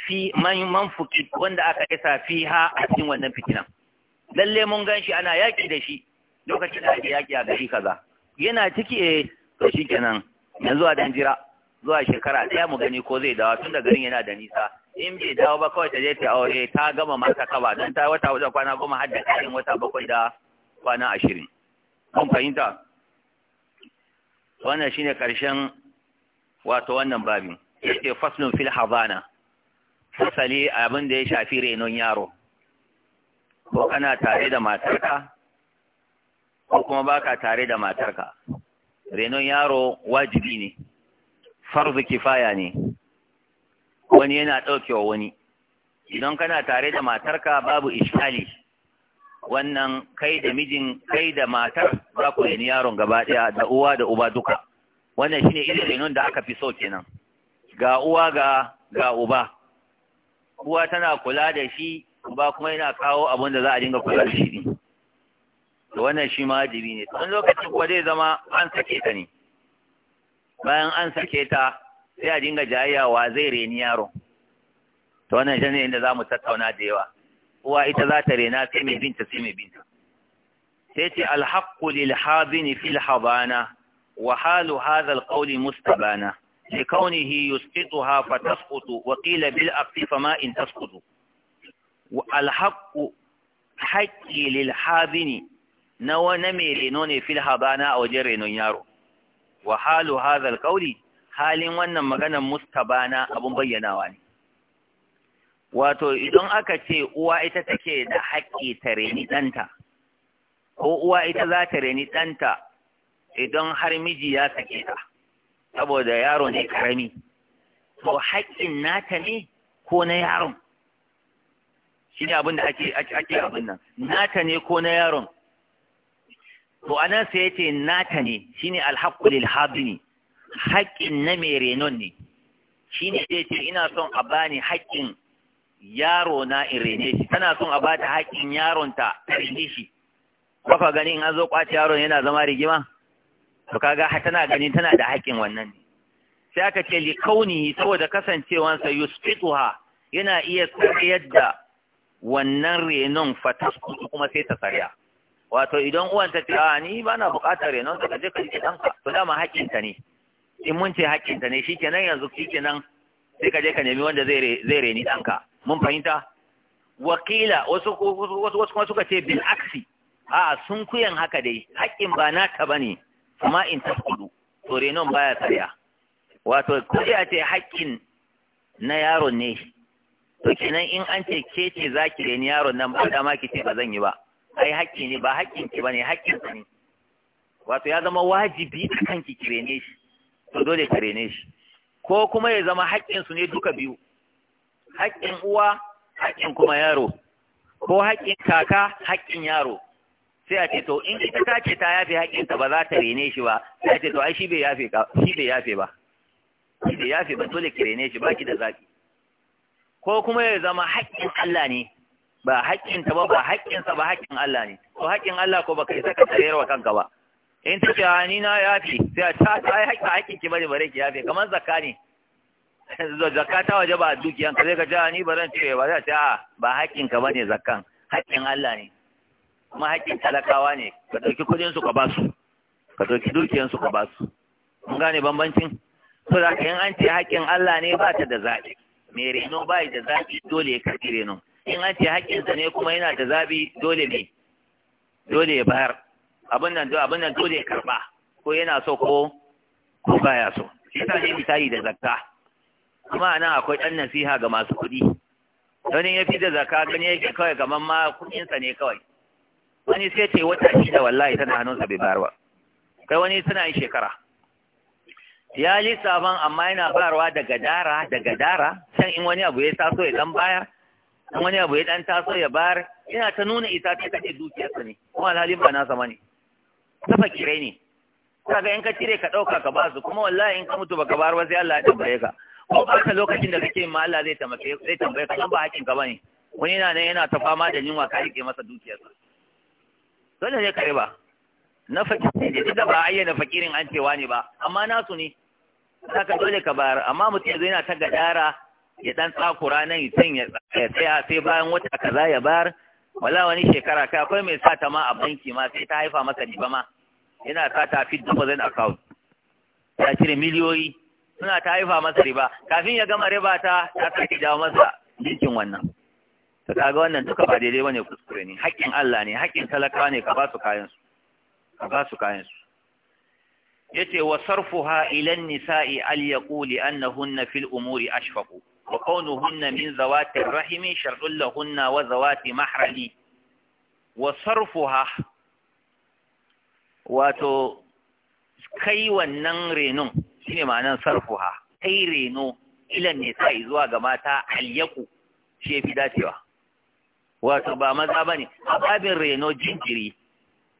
fi man manfuki wanda aka isa fiha a cikin wannan fitinan lalle mun gan shi ana yaki da shi lokacin da ake yaki a gashi kaza yana ciki eh to shi kenan yanzu a dan jira zuwa shekara ɗaya mu gani ko zai dawo tun da garin yana da nisa in bai dawo ba kawai ta je ta aure ta gama masa kaba don ta wata wata kwana goma har da ƙarin wata bakwai da kwana ashirin kun fahimta wannan shine karshen wato wannan babin yake faslun fil habana fasali abin da ya shafi renon yaro ko kana tare da matarka ko kuma baka tare da matarka renon yaro wajibi ne farzu kifaya ne wani yana ɗaukewa wani idan kana tare da matarka babu ishali wannan kai da mijin kai da matar za ku reni yaron gaba ɗaya da uwa da uba duka wannan shine irin renon da aka fi so kenan ga uwa ga ga uba uwa tana kula da shi ba kuma yana kawo abin da za a dinga kula da shi to wannan shi ma wajibi ne wani lokacin kuwa zai zama an sake ta ne bayan an sake ta sai a dinga jayayya wa zai reni yaron to wannan shi ne inda za mu tattauna da yawa uwa ita za ta rena sai mai binta sai mai binta sai ce alhaqqu lil hadini fil habana wa halu hadha al qawli mustabana لكونه يسقطها فتسقط وقيل بالأقف فما إن تسقط والحق حكي للحاذن na wani mai reno ne fil habana a wajen renon yaro wa halu hazal kauli halin wannan maganar mustabana abun bayyanawa ne wato idan aka ce uwa ita take da haƙƙi ta reni ɗanta ko uwa ita za ta reni ɗanta idan har miji ya sake ta saboda yaro ne karami to haƙƙin nata ne ko na yaron shi ne abin da ake abin nan nata ne ko na yaron to anan sai yace nata ne shine alhaqqu lil habini haƙƙin na mai renon ne shine zai ce ina son a bani haƙƙin yaro na in rene shi tana son a bata haƙƙin yaron ta rene shi ba ka gani in an zo ƙwace yaron yana zama rigima to kaga tana gani tana da haƙƙin wannan ne sai aka ce li kaunihi saboda kasancewansa yusfituha yana iya tsayar da wannan renon fatasku kuma sai ta tsaya. wato idan uwan ta ce a ah, ni ba na buƙatar renon ka je ka rike ɗanka to dama haƙƙinta ne in mun ce haƙƙinta ne shikenan yanzu shikenan sai ka je ka nemi wanda zai zai reni ɗanka mun fahimta wakila wasu wasu wasu kuma suka ce bil aksi a sun kuyan haka dai haƙƙin ba ba bane kuma in ta kudu to renon baya tsariya wato ko ya ce haƙƙin na yaron ne to kenan in an ce ke ce zaki reni yaron nan ba dama ki ce ba zan yi ba ai haƙƙi ne ba haƙƙin ki bane haƙƙin ku ne wato ya zama wajibi a kanki ki rene shi to dole ka rene shi ko kuma ya zama haƙƙin su ne duka biyu haƙƙin uwa haƙƙin kuma yaro ko haƙƙin kaka haƙƙin yaro sai a ce to in ita ta ce ta yafe ta ba za ta rene shi ba sai a ce to ai shi bai yafe ka shi bai yafe ba shi bai yafe ba dole ki rene shi ba ki da zaki ko kuma ya zama haƙƙin Allah ne ba haƙƙin ta ba ba haƙƙinsa ba haƙƙin Allah ne to haƙƙin Allah ko baka isa ka tsayar wa kanka ba in ta ce ni na yafi sai ta ta ai haƙƙa haƙƙin ki bari bare ki yafi kamar zakka ne zakka ta waje ba dukiyan ka sai ka ja ni baran ce ba sai ta ba haƙƙin ka bane zakkan haƙƙin Allah ne kuma haƙƙin talakawa ne ka ɗauki kudin su ka ba su ka ɗauki dukiyan su ka ba su mun gane bambancin to da in an ce haƙƙin Allah ne ba ta da zaɓi mere reno bai da zaɓi dole ya karɓi renon in an ce haƙƙinsa ne kuma yana da zaɓi dole ne dole ya bayar abin nan abin nan dole ya karɓa ko yana so ko ko baya so shi ta ne misali da zakka kuma nan akwai ɗan nasiha ga masu kuɗi wani ya fi da zakka gani yake kawai kamar ma kuɗinsa ne kawai wani sai ce wata shida wallahi tana hannunsa bai bayarwa kai wani suna yin shekara ya lissafan amma yana bayarwa daga dara daga dara can in wani abu ya taso ya dan bayar in wani abu ya dan taso ya bar Ina ta nuna ita ta kace dukiyarsa ne kuma alhalin ba nasa bane ta fakirai ne kaga in ka cire ka dauka ka basu kuma wallahi in ka mutu baka bar ba sai Allah ya tambaye ka ko ba ka lokacin da kake ma Allah zai tambaye zai tambaye ka dan ba hakkin ka bane wani na nan yana ta fama da yunwa ka rike masa dukiyarsa dole ne kai ba na fakiri ne duk da ba ayyana fakirin an cewa ne ba amma nasu ne saka dole ka bayar amma mutum yanzu yana ta gadara ya dan tsakura nan itin ya tsaya sai bayan wata kaza ya bayar wala wani shekara kai akwai mai sata ma a banki ma sai ta haifa masa riba ma yana sata fit deposit account ya cire miliyoyi suna ta haifa masa riba kafin ya gama riba ta ta sake jawo masa dinkin wannan ta kaga wannan duka ba daidai bane kuskure ne haƙƙin Allah ne haƙƙin talakawa ne ka ba su kayan su ka ba su kayan su yace wa sarfuha ila an-nisa'i al yaquli annahunna fil umuri ashfaqu wa kaunuhunna min zawati rahimi shar'un lahunna wa zawati mahrami wa sarfuha wato kai wannan renon shine ma'anar sarfuha kai reno ilan ne sai zuwa ga mata alyaku shi fi dacewa wato ba maza bane a babin reno jinjiri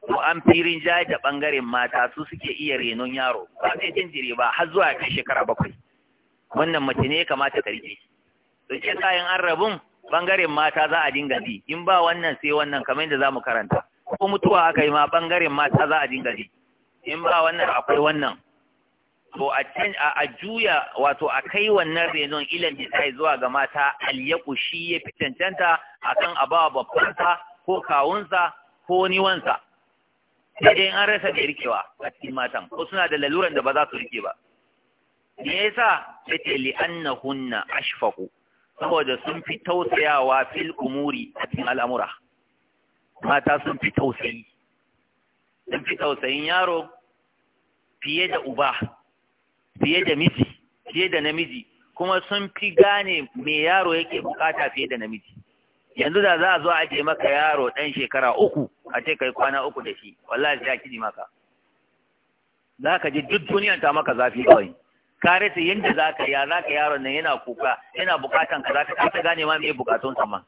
ko an firin jaji da bangaren mata su suke iya renon yaro ba sai jinjiri ba har zuwa kai shekara bakwai wannan mace ne ya kamata ka rike to shi kayan an rabun bangaren mata za a dinga bi in ba wannan sai wannan kamar yadda zamu karanta ko mutuwa aka yi ma bangaren mata za a dinga bi in ba wannan akwai wannan to a can a juya wato a kai wannan renon ilan sai zuwa ga mata alyaku shi ya fi cancanta akan a ba sa ko kawunsa ko niwansa sai dai an rasa da rikewa a cikin matan ko suna da laluran da ba za su rike ba me yasa yace li annahunna ashfaqu saboda sun fi tausayawa fil umuri a cikin al'amura mata sun fi tausayi sun fi tausayin yaro fiye da uba fiye da miji fiye da namiji kuma sun fi gane me yaro yake bukata fiye da namiji yanzu da za a zo a ce maka yaro ɗan shekara uku a ce kai kwana uku da shi wallahi sai a kiji maka za ka ji duk duniyan ta maka zafi kawai ka rasa yadda za ka ya za ka yaron nan yana kuka yana bukatan ka za ka kasa gane ma me bukatun sa ma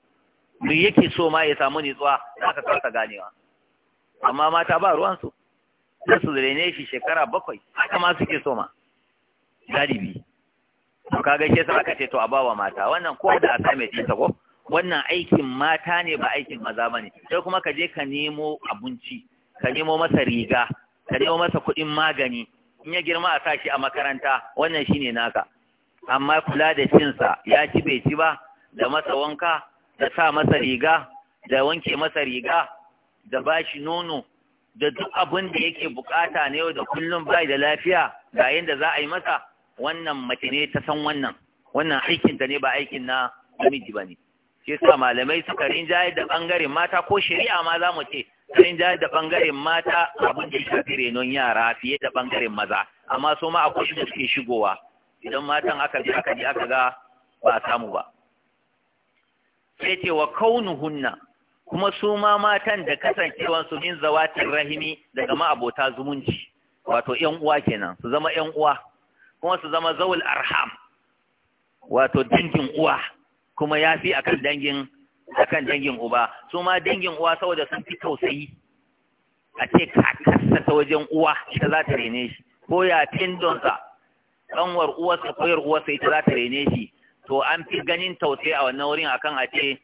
me yake so ma ya samu nitsuwa za ka kasa ganewa amma mata ba ruwan su sai su rene shi shekara bakwai haka ma suke so ma galibi to kaga shi yasa aka ce to a bawa mata wannan ko da same mai tinta ko wannan aikin mata ne ba aikin maza ba ne. sai kuma ka je ka nemo abinci ka nemo masa riga ka nemo masa kuɗin magani in ya girma a sashi a makaranta wannan shine naka amma kula da cinsa ya ci bai ci ba da masa wanka da sa masa riga da wanke masa riga da bashi nono da duk abin da yake bukata na yau da kullum bai da lafiya ga yadda za a yi masa wannan mace ne ta san wannan wannan aikinta ne ba aikin na namiji ba ne shi sa malamai suka rinjaye da bangaren mata ko shari'a ma za mu ce sun ja da bangaren mata abin da shafi renon yara fiye da bangaren maza amma su ma akwai da suke shigowa idan matan aka ji aka ji aka ga ba a samu ba sai ce wa kaunuhunna kuma su ma matan da kasancewa su min zawatin rahimi daga ma'abota zumunci wato 'yan uwa kenan su zama 'yan uwa kuma su zama zawul arham wato dangin uwa kuma ya yafi kan dangin kan dangin uba su ma dangin uwa saboda sun fi tausayi a ce kakarsa ta wajen uwa ita za ta rene shi ko ya tindonsa ɗanwar uwarsa ko yar uwarsa ita za ta rene shi to an fi ganin tausayi a wannan wurin akan a ce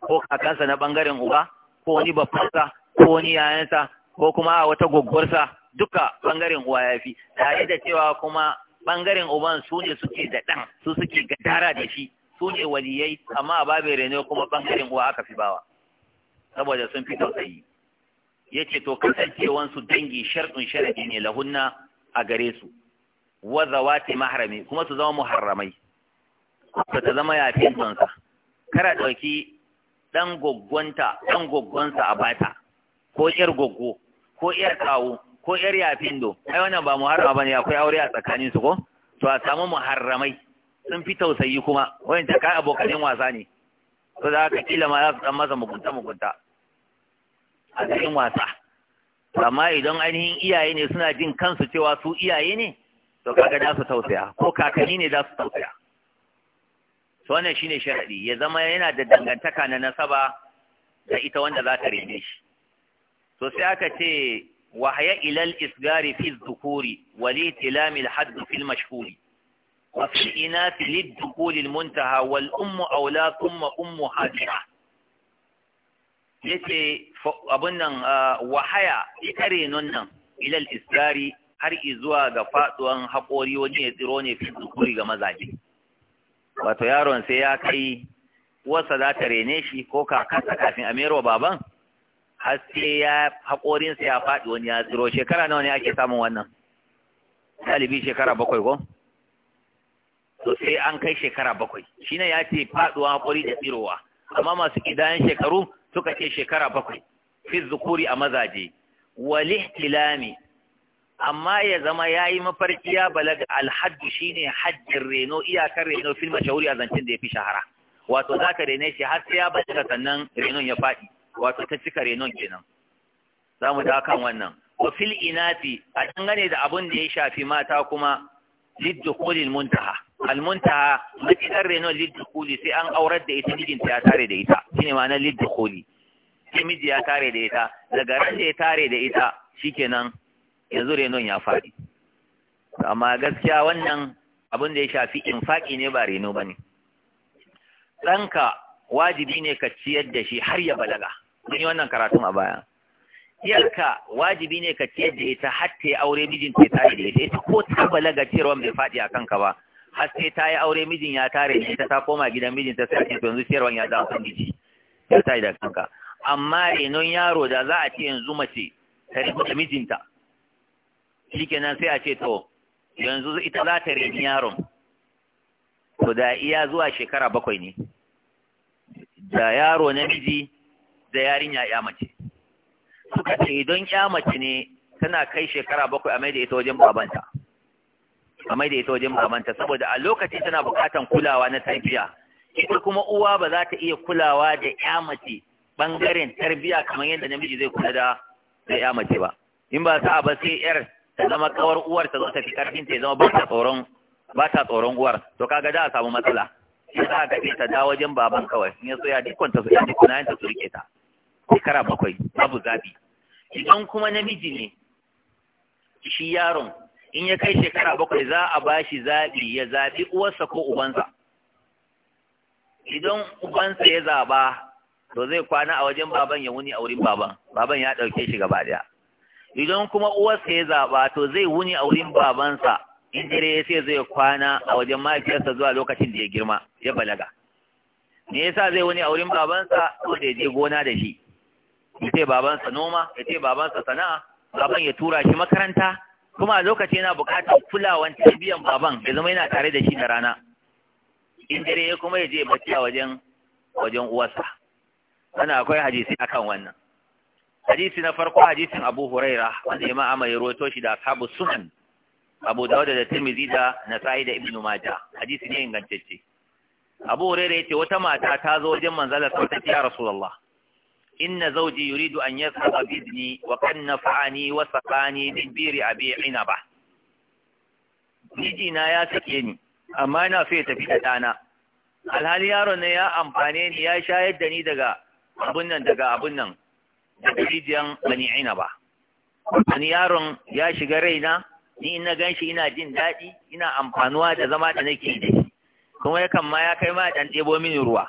ko kakansa na bangaren uba ko wani babbansa ko wani yayansa ko kuma a wata gwaggwarsa duka bangaren uwa ya fi tare da cewa kuma bangaren uban su ne suke da ɗan su suke gadara da shi su ne waliyai amma a babin reno kuma bangaren uwa aka fi bawa saboda sun fi tausayi ya ce to kasancewansu dangi sharɗin sharadi ne lahunna a gare su wa zawati mahrami kuma su zama muharramai ba ta zama yafin sonsa kara ɗauki ɗan goggonta ɗan goggonsa a bata ko ƴar goggo ko ƴar kawo ko ƴar yafin do ai wannan ba muharrama bane akwai aure a tsakanin ko to a samu muharramai sun fi tausayi kuma ta kai abokanin wasa ne to za ka kila ma za su dan masa mugunta mugunta a cikin wasa amma idan ainihin iyaye ne suna jin kansu cewa su iyaye ne to kaga da su tausaya ko kakanni ne za su tausaya to wannan shine sharadi ya zama yana da dangantaka na nasaba da ita wanda za ta rene shi to sai aka ce haya ilal isgari fi dhukuri wa li tilamil hadd fi al mashhuri وفي الإناث للدخول المنتهى والأم أولى ثم أمها درع yace abun nan wahaya ita renon nan ilal iskari har zuwa ga faduwan haƙori wani ya tsiro ne fi zukuri ga mazaje wato yaron sai ya kai wasa za ta rene shi ko kakansa kafin a mero baban har sai ya haƙorinsa ya faɗi wani ya tsiro shekara nawa ne ake samun wannan ɗalibi shekara bakwai ko to sai an kai shekara bakwai ne ya ce faduwa haƙuri da tsirowa amma masu ƙidayen shekaru suka ce shekara bakwai fi zukuri a mazaje wali tilami amma ya zama ya yi mafarki ya balaga alhaddu shine hajjin reno iyakar reno fil mashahuri a zancen da ya fi shahara wato za ka rene shi har sai ya balaga sannan renon ya faɗi wato ta cika renon kenan za mu dawo kan wannan wa fil inafi a dangane da abin da ya shafi mata kuma liddukulil muntaha almuntaha matuƙar renon liddukuli sai an aurar da ita mijinta ya tare da ita shi ne ma'anar liddukuli sai ya tare da ita daga ran da tare da ita shikenan yanzu renon ya faɗi amma gaskiya wannan abin da ya shafi infaƙi ne ba reno ba ne wajibi ne ka ciyar da shi har ya balaga wannan karatun a baya iyarka wajibi ne ka ciyar da ita har ta yi aure mijinta ta tare da ita ko ta balaga cewa bai faɗi a kanka ba har sai ta yi aure mijin ya tare ne ta ta koma gidan mijin ta sai ce yanzu siyarwan ya za a miji ya tayi da kanka amma renon yaro da za a ce yanzu mace ta rubu da mijinta kenan sai a ce to yanzu ita za ta reni yaron to da iya zuwa shekara bakwai ne da yaro namiji da yarinya ya mace suka ce idan ya mace ne tana kai shekara bakwai a mai da ita wajen babanta a mai da ita wajen mamanta saboda a lokaci tana bukatan kulawa na tarbiya ita kuma uwa ba za ta iya kulawa da ya mace bangaren tarbiya kamar yadda namiji zai kula da da ya mace ba in ba sa ba sai yar ta zama kawar uwar ta zo ta fi karfin ta zama ba ta tsoron ba ta tsoron uwar to kaga da a samu matsala shi za ka ce ta da wajen baban kawai in ya so ya dikon ta su ya dikon ta su rike ta shekara bakwai babu zabi idan kuma namiji ne shi yaron in ya kai shekara bakwai za a ba shi zaɓi ya zaɓi uwarsa ko ubansa idan ubansa ya zaɓa to zai kwana a wajen baban ya wuni a wurin baban baban ya ɗauke shi gaba ɗaya idan kuma uwarsa ya zaɓa to zai wuni a wurin babansa in dare ya ce zai kwana a wajen mahaifiyarsa zuwa lokacin da ya girma ya balaga me yasa zai wuni a wurin babansa ko da ya je gona da shi ya ce babansa noma ya ce babansa sana'a baban ya tura shi makaranta kuma a lokaci yana buƙatar kulawan tarbiyyar baban ya zama yana tare da shi da rana in dare ya kuma ya je bacci a wajen wajen uwarsa Ana akwai hadisi akan wannan hadisi na farko hadisin Abu Huraira wanda Imam Ahmad ya rawaito shi da ashabu sunan Abu Dawud da Tirmidhi da Nasa'i da Ibn Majah hadisi ne ingantacce Abu Huraira yace wata mata ta zo wajen manzala sai ta ce ya Rasulullah inna zawji yuridu an yadhhaba bizni wa kan nafa'ani wa sakani min biri abi inaba miji na ya sake ni amma na so ya tafi da dana alhali yaro ne ya amfane ni ya shayar da ni daga abun nan daga abun nan daga rijiyan bani inaba wani yaron ya shiga raina ni in na gan ina jin daɗi ina amfanuwa da zama da nake da shi kuma yakan ma ya kai ma ya ɗan ɗebo mini ruwa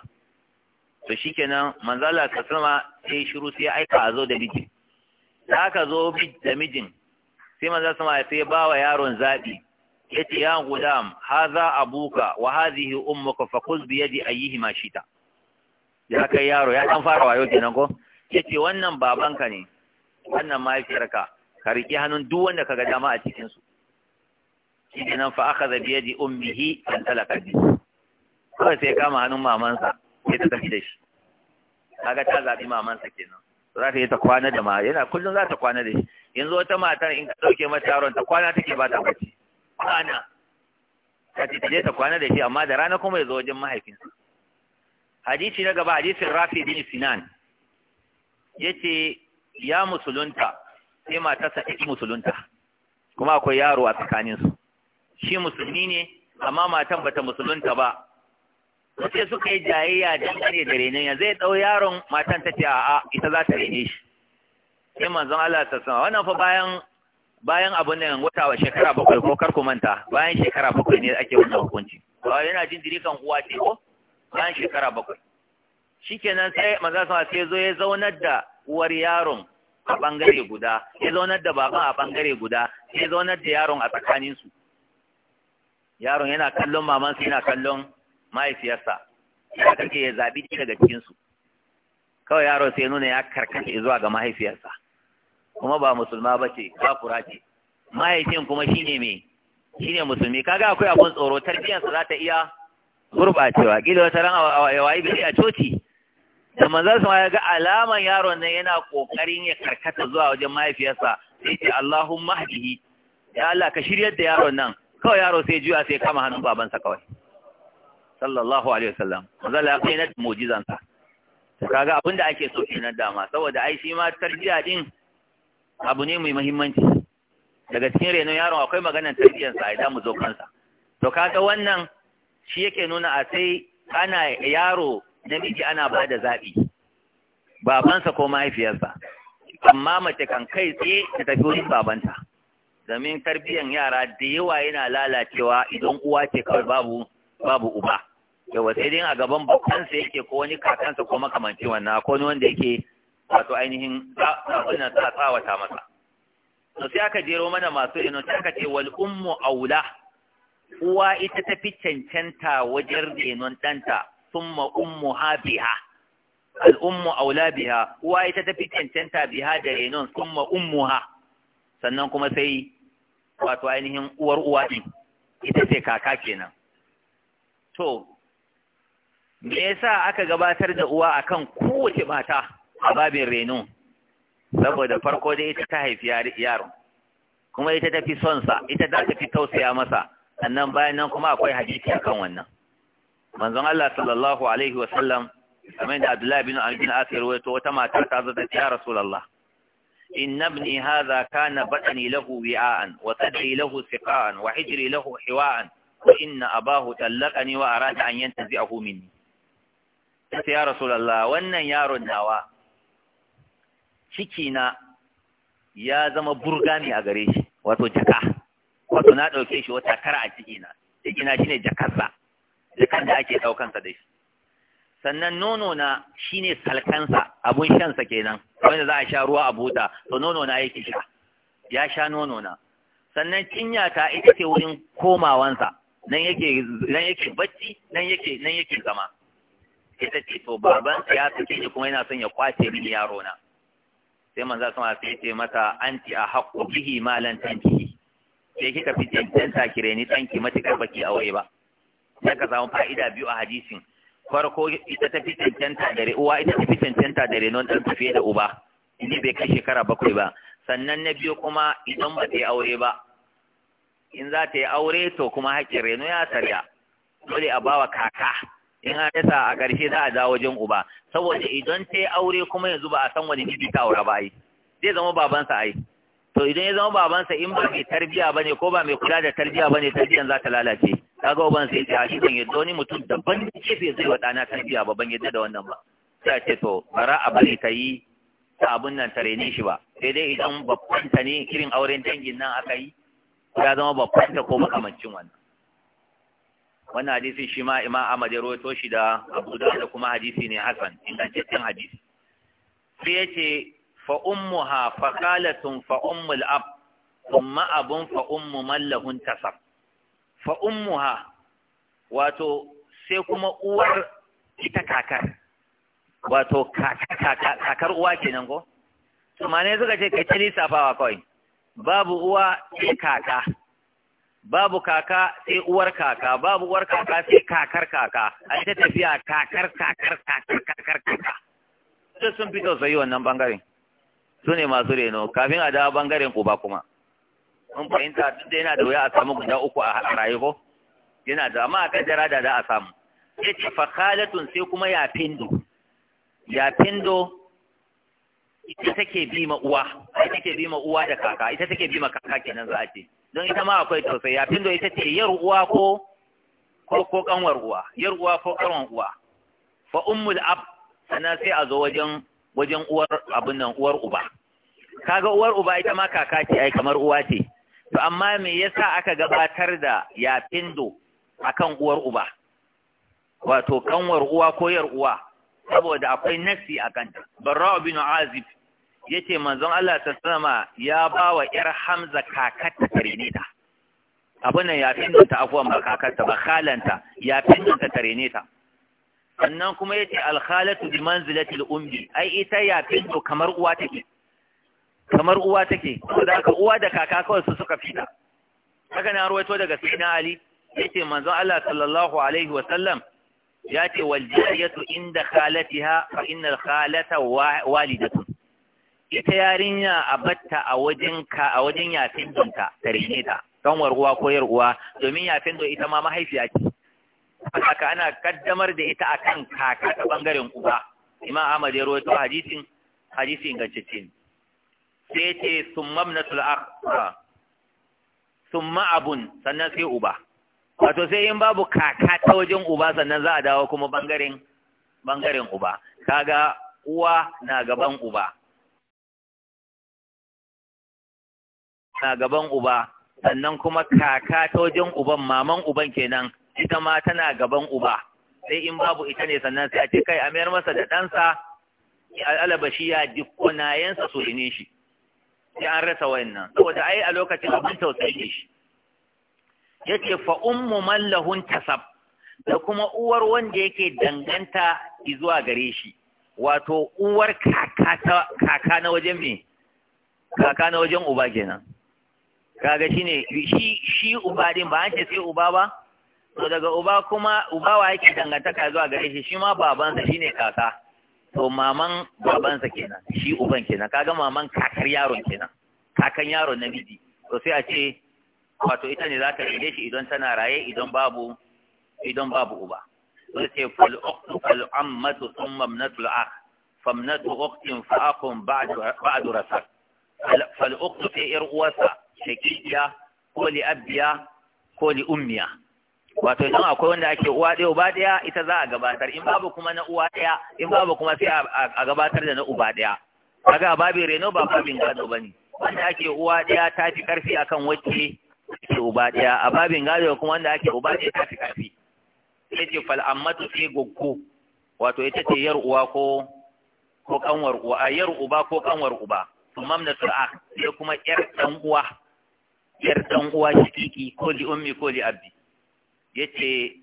to shikenan manzala ka sama sai shiru sai aika a zo da mijin Za aka zo da mijin sai su sama sai ba wa yaron zaɓi. zabi ce, ya gudam a buka wa hadhihi ummuka fakuz bi ma shi ta. ya kai yaro ya kan fara wayo kenan ko ce wannan babanka ne wannan mahaifiyarka ka riƙe hannun duk wanda ga dama a cikin su kenan fa akhadha bi yadi ummihi an talaka ji. kawai sai kama hannun mamansa sai ta tafi da shi kaga ta zabi maman sa kenan za ta yi ta kwana da ma yana kullum za ta kwana da shi yanzu wata mata in ka dauke mata yaron ta kwana take ba ta bacci kwana ta ce ta je ta kwana da shi amma da rana kuma ya zo wajen mahaifinsa hadisi na gaba hadisin rafi bin sinan yace ya musulunta sai matarsa ta musulunta kuma akwai yaro a tsakaninsu shi musulmi ne amma matan bata musulunta ba sai suka yi jayayya dangane da renon ya zai ɗau yaron matan ta ce a'a ita za ta rene shi sai manzon Allah ta sama wannan fa bayan bayan abun nan wata wa shekara bakwai ko kar ku manta bayan shekara bakwai ne ake wannan hukunci ba yana jin dirikan uwa ce ko bayan shekara bakwai shikenan sai manzon sama sai zo ya zaunar da uwar yaron a bangare guda ya zaunar da baban a bangare guda ya zaunar da yaron a tsakaninsu yaron yana kallon mamansa yana kallon mahaifiyarsa ya kake ya zaɓi ɗaya daga cikinsu kawai yaro sai nuna ya karkata zuwa ga mahaifiyarsa kuma ba musulma ba ce kura ce mahaifin kuma shine me shine musulmi kaga akwai abun tsoro tarbiyyarsa za ta iya gurɓacewa Ƙila wata ran a wayi a coci da manzon su ya ga alaman yaron nan yana kokarin ya karkata zuwa wajen mahaifiyarsa sai ce Allahumma hadihi ya Allah ka shiryar da yaron nan kawai yaro sai juya sai kama hannun babansa kawai sallallahu alaihi wasallam manzo Allah kai na mu'jizan sa to kaga abinda ake so kenan dama saboda ai shi ma tarjiya din abu ne mai muhimmanci daga cikin renon yaron akwai maganar tarbiyyar sa idan mu zo kansa to kaga wannan shi yake nuna a sai ana yaro namiji ana ba da zabi babansa ko mahaifiyarsa amma mace kan kai tsaye ta tafi wurin babanta domin tarbiyyar yara da yawa yana lalacewa idan uwa ce kawai babu uba yawa sai dai a gaban bakansa yake ko wani kakansa ko makamanci wannan ko wani wanda yake wato ainihin tsawon ta tsawata masa to sai aka jero mana masu ino sai aka ce wal ummu aula uwa ita ta fi cancanta wajen renon ɗanta summa ummu ha biha al ummu aula biha uwa ita ta fi cancanta biha da renon summa ummu ha sannan kuma sai wato ainihin uwar uwa ita ce kaka kenan to me yasa aka gabatar da uwa akan kowace mata a babin reno saboda farko da ita ta haifi yaron kuma ita ta fi son sa ita za ta fi tausaya masa sannan bayan nan kuma akwai hadisi akan wannan manzon Allah sallallahu alaihi wa sallam kamar da Abdullah bin Abi bin Asir to wata mata ta zo ta ya Rasulullah inna ibni hadha kana batni lahu wi'an wa sadri lahu siqan wa hijri lahu hiwa'an wa inna abahu tallaqani wa arada an yantazi'ahu minni ya ce ya rasulallah wannan yaron nawa ciki na ya zama burgami a gare shi wato jaka wato na ɗauke shi wata kara a ciki na ciki na shine jakarsa jakan da ake ɗaukansa da shi sannan nono na shine salkansa abun shansa kenan wanda za a sha ruwa a buta to nono na yake sha ya sha nono na sannan cinya ta ita ce wurin komawansa nan yake bacci nan nan yake zama ita ce to babansa ya sake ni kuma yana son ya kwace min yaro na sai manzo sama sai ce mata anti a haqqu bihi ma lan tanki sai kika fi tantanta kire ni tanki kar baki aure ba sai ka samu fa'ida biyu a hadisin farko ita ta fi tantanta da uwa ita ta fi tantanta dare renon dan tafiye da uba ni bai kai shekara bakwai ba sannan na biyu kuma idan ba ta yi aure ba in za ta yi aure to kuma haƙƙin reno ya sarya dole a bawa kaka in an rasa a ƙarshe za a dawo wajen uba saboda idan ta aure kuma yanzu ba a san wani miji ta aure ba yi zai zama babansa ai to idan ya zama babansa in ba mai tarbiya bane ko ba mai kula da tarbiya bane tarbiyan za ta lalace ga uban sai ta shi ban yadda wani mutum daban gefe zai wa ɗana tarbiya ba ban yadda da wannan ba sai ce to bara a bari ta yi ta abun nan ta rene shi ba sai dai idan babban ta ne irin auren dangin nan aka yi ya zama babban ta ko makamancin wannan wannan hadisin shi ma imam Ahmad ya rawaito shi da Abu Dawud da kuma hadisi ne hasan cikin hadisi sai yace fa ummuha fa qalatun fa ummul ab thumma abun fa ummu man lahun tasab fa ummuha wato sai kuma uwar ita kakar wato kakar uwa kenan ko tumane suka ce kai ta lissafawa kawai babu uwa ita kaka babu kaka sai uwar kaka babu uwar kaka sai kakar kaka a ita tafiya kakar kakar kakar kakar kaka duk sun fito sai wannan bangaren su ne masu reno kafin a dawo bangaren ba kuma mun fahimta duk da yana da wuya a samu guda uku a rayu ko yana da amma a kaddara da za a samu Ya ce fakalatun sai kuma ya findo ya findo ita take bi ma uwa ita take bi ma uwa da kaka ita take bi ma kaka kenan za a ce don ita ma akwai tausayi a findo ita ce yar uwa ko ko ko kanwar uwa yar uwa ko kanwar uwa fa ummul ab sannan sai a zo wajen wajen uwar abin nan uwar uba kaga uwar uba ita ma kaka ce ai kamar uwa ce to amma me yasa aka gabatar da ya findo akan uwar uba wato kanwar uwa ko yar uwa saboda akwai nasi a kanta barra'u bin azib yace manzon Allah ta sama ya ba wa ‘yar Hamza kakarta ta. abin nan ya finnanta afuwan ba kakarta ba khalanta ya finnanta ta. Sannan kuma yace khalatu bi al ummi, ai ita ya finto kamar uwa take, kamar uwa take, saboda ka uwa da kaka kawai su suka fita. Haka na ruwaito daga Sayyidina Ali, yace manzon Allah sallallahu alaihi wa sallam ya ce wal jariyatu inda khalatiha fa innal khalata walidatun ita yarinya a batta a wajen ka a wajen yafin donta ta rene ta kanwar uwa ko yar uwa domin yafin don ita ma mahaifiya ce haka ana kaddamar da ita akan kaka ta bangaren uba imam ahmad ya rawaito hadisin hadisin gancicin sai ya ce summa ibnatul akh summa abun sannan sai uba wato sai in babu kaka ta wajen uba sannan za a dawo kuma bangaren bangaren uba kaga uwa na gaban uba na gaban uba sannan kuma kaka ta wajen uban maman uban kenan ita ma tana gaban uba sai in babu ita ne sannan sai a ce kai a mayar masa da ɗansa alabashi ya kunayensa su ine shi sai an rasa wayannan saboda ai a lokacin abin tausayi ne shi yace fa ummu man lahun tasab da kuma uwar wanda yake danganta zuwa gare shi wato uwar kaka na kaka na wajen uba kenan kaga shine shi shi uba din ba an ce sai uba ba to daga uba kuma uba wa yake dangantaka zuwa gare shi shi ma babansa shine kaka to maman babansa kenan shi uban kenan kaga maman kakar yaron kenan kakan yaron na namiji to sai a ce wato ita ne za ta rige shi idan tana raye idan babu idan babu uba to sai fal ukhtu fal ammatu thumma ibnatul akh famnatu ukhtin fa akhun ba'du ba'du rasak fal ukhtu fi yar uwarsa shakiya ko li abiya ko li ummiya wato idan akwai wanda ake uwa ɗaya uba ɗaya ita za a gabatar in babu kuma na uwa ɗaya in babu kuma sai a gabatar da na uba ɗaya kaga babin reno ba babin gado bane wanda ake uwa ɗaya ta fi ƙarfi akan wacce ake uba ɗaya a babin gado kuma wanda ake uba ɗaya ta fi ƙarfi sai ce ta sai goggo wato ita ce yar uwa ko ko kanwar uwa yar uba ko kanwar uba mamna tur'a sai kuma yar dan uwa yar dan uwa shikiki ko li ummi ko li abdi yace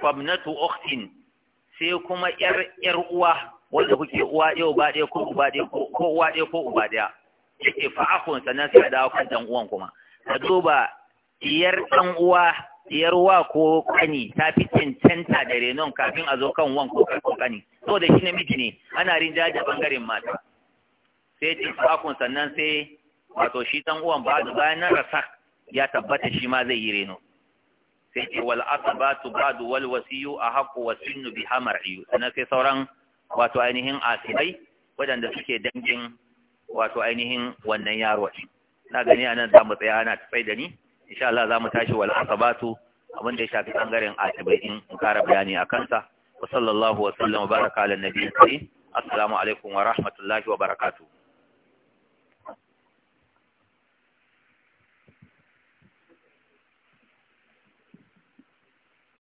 fabnatu ukhtin sai kuma yar yar uwa wanda kuke uwa ɗaya uba ɗaya ko uba ɗaya ko uwa ɗaya ko uba ɗaya yace fa akhun sannan sai dawo kan dan uwan kuma ka duba 'yar dan uwa diyar uwa ko kani ta fi cancanta da renon kafin a zo kan uwan ko kani to da shi namiji ne ana rinja da bangaren mata sai tifakun sannan sai wato shi dan uwan ba da bayan nan rasak ya tabbata shi ma zai yi reno sai ce wal asbatu ba'du wal wasiyu haƙƙo wasinnu bi hamar'i sannan sai sauran wato ainihin asibai waɗanda suke dangin wato ainihin wannan yaro na gani anan zamu tsaya ana tsai da ni insha Allah zamu tashi wal asbatu abin da ya shafi bangaren asibai in kara bayani a kansa wa sallallahu wa sallam baraka ala nabiyyi assalamu wa rahmatullahi wa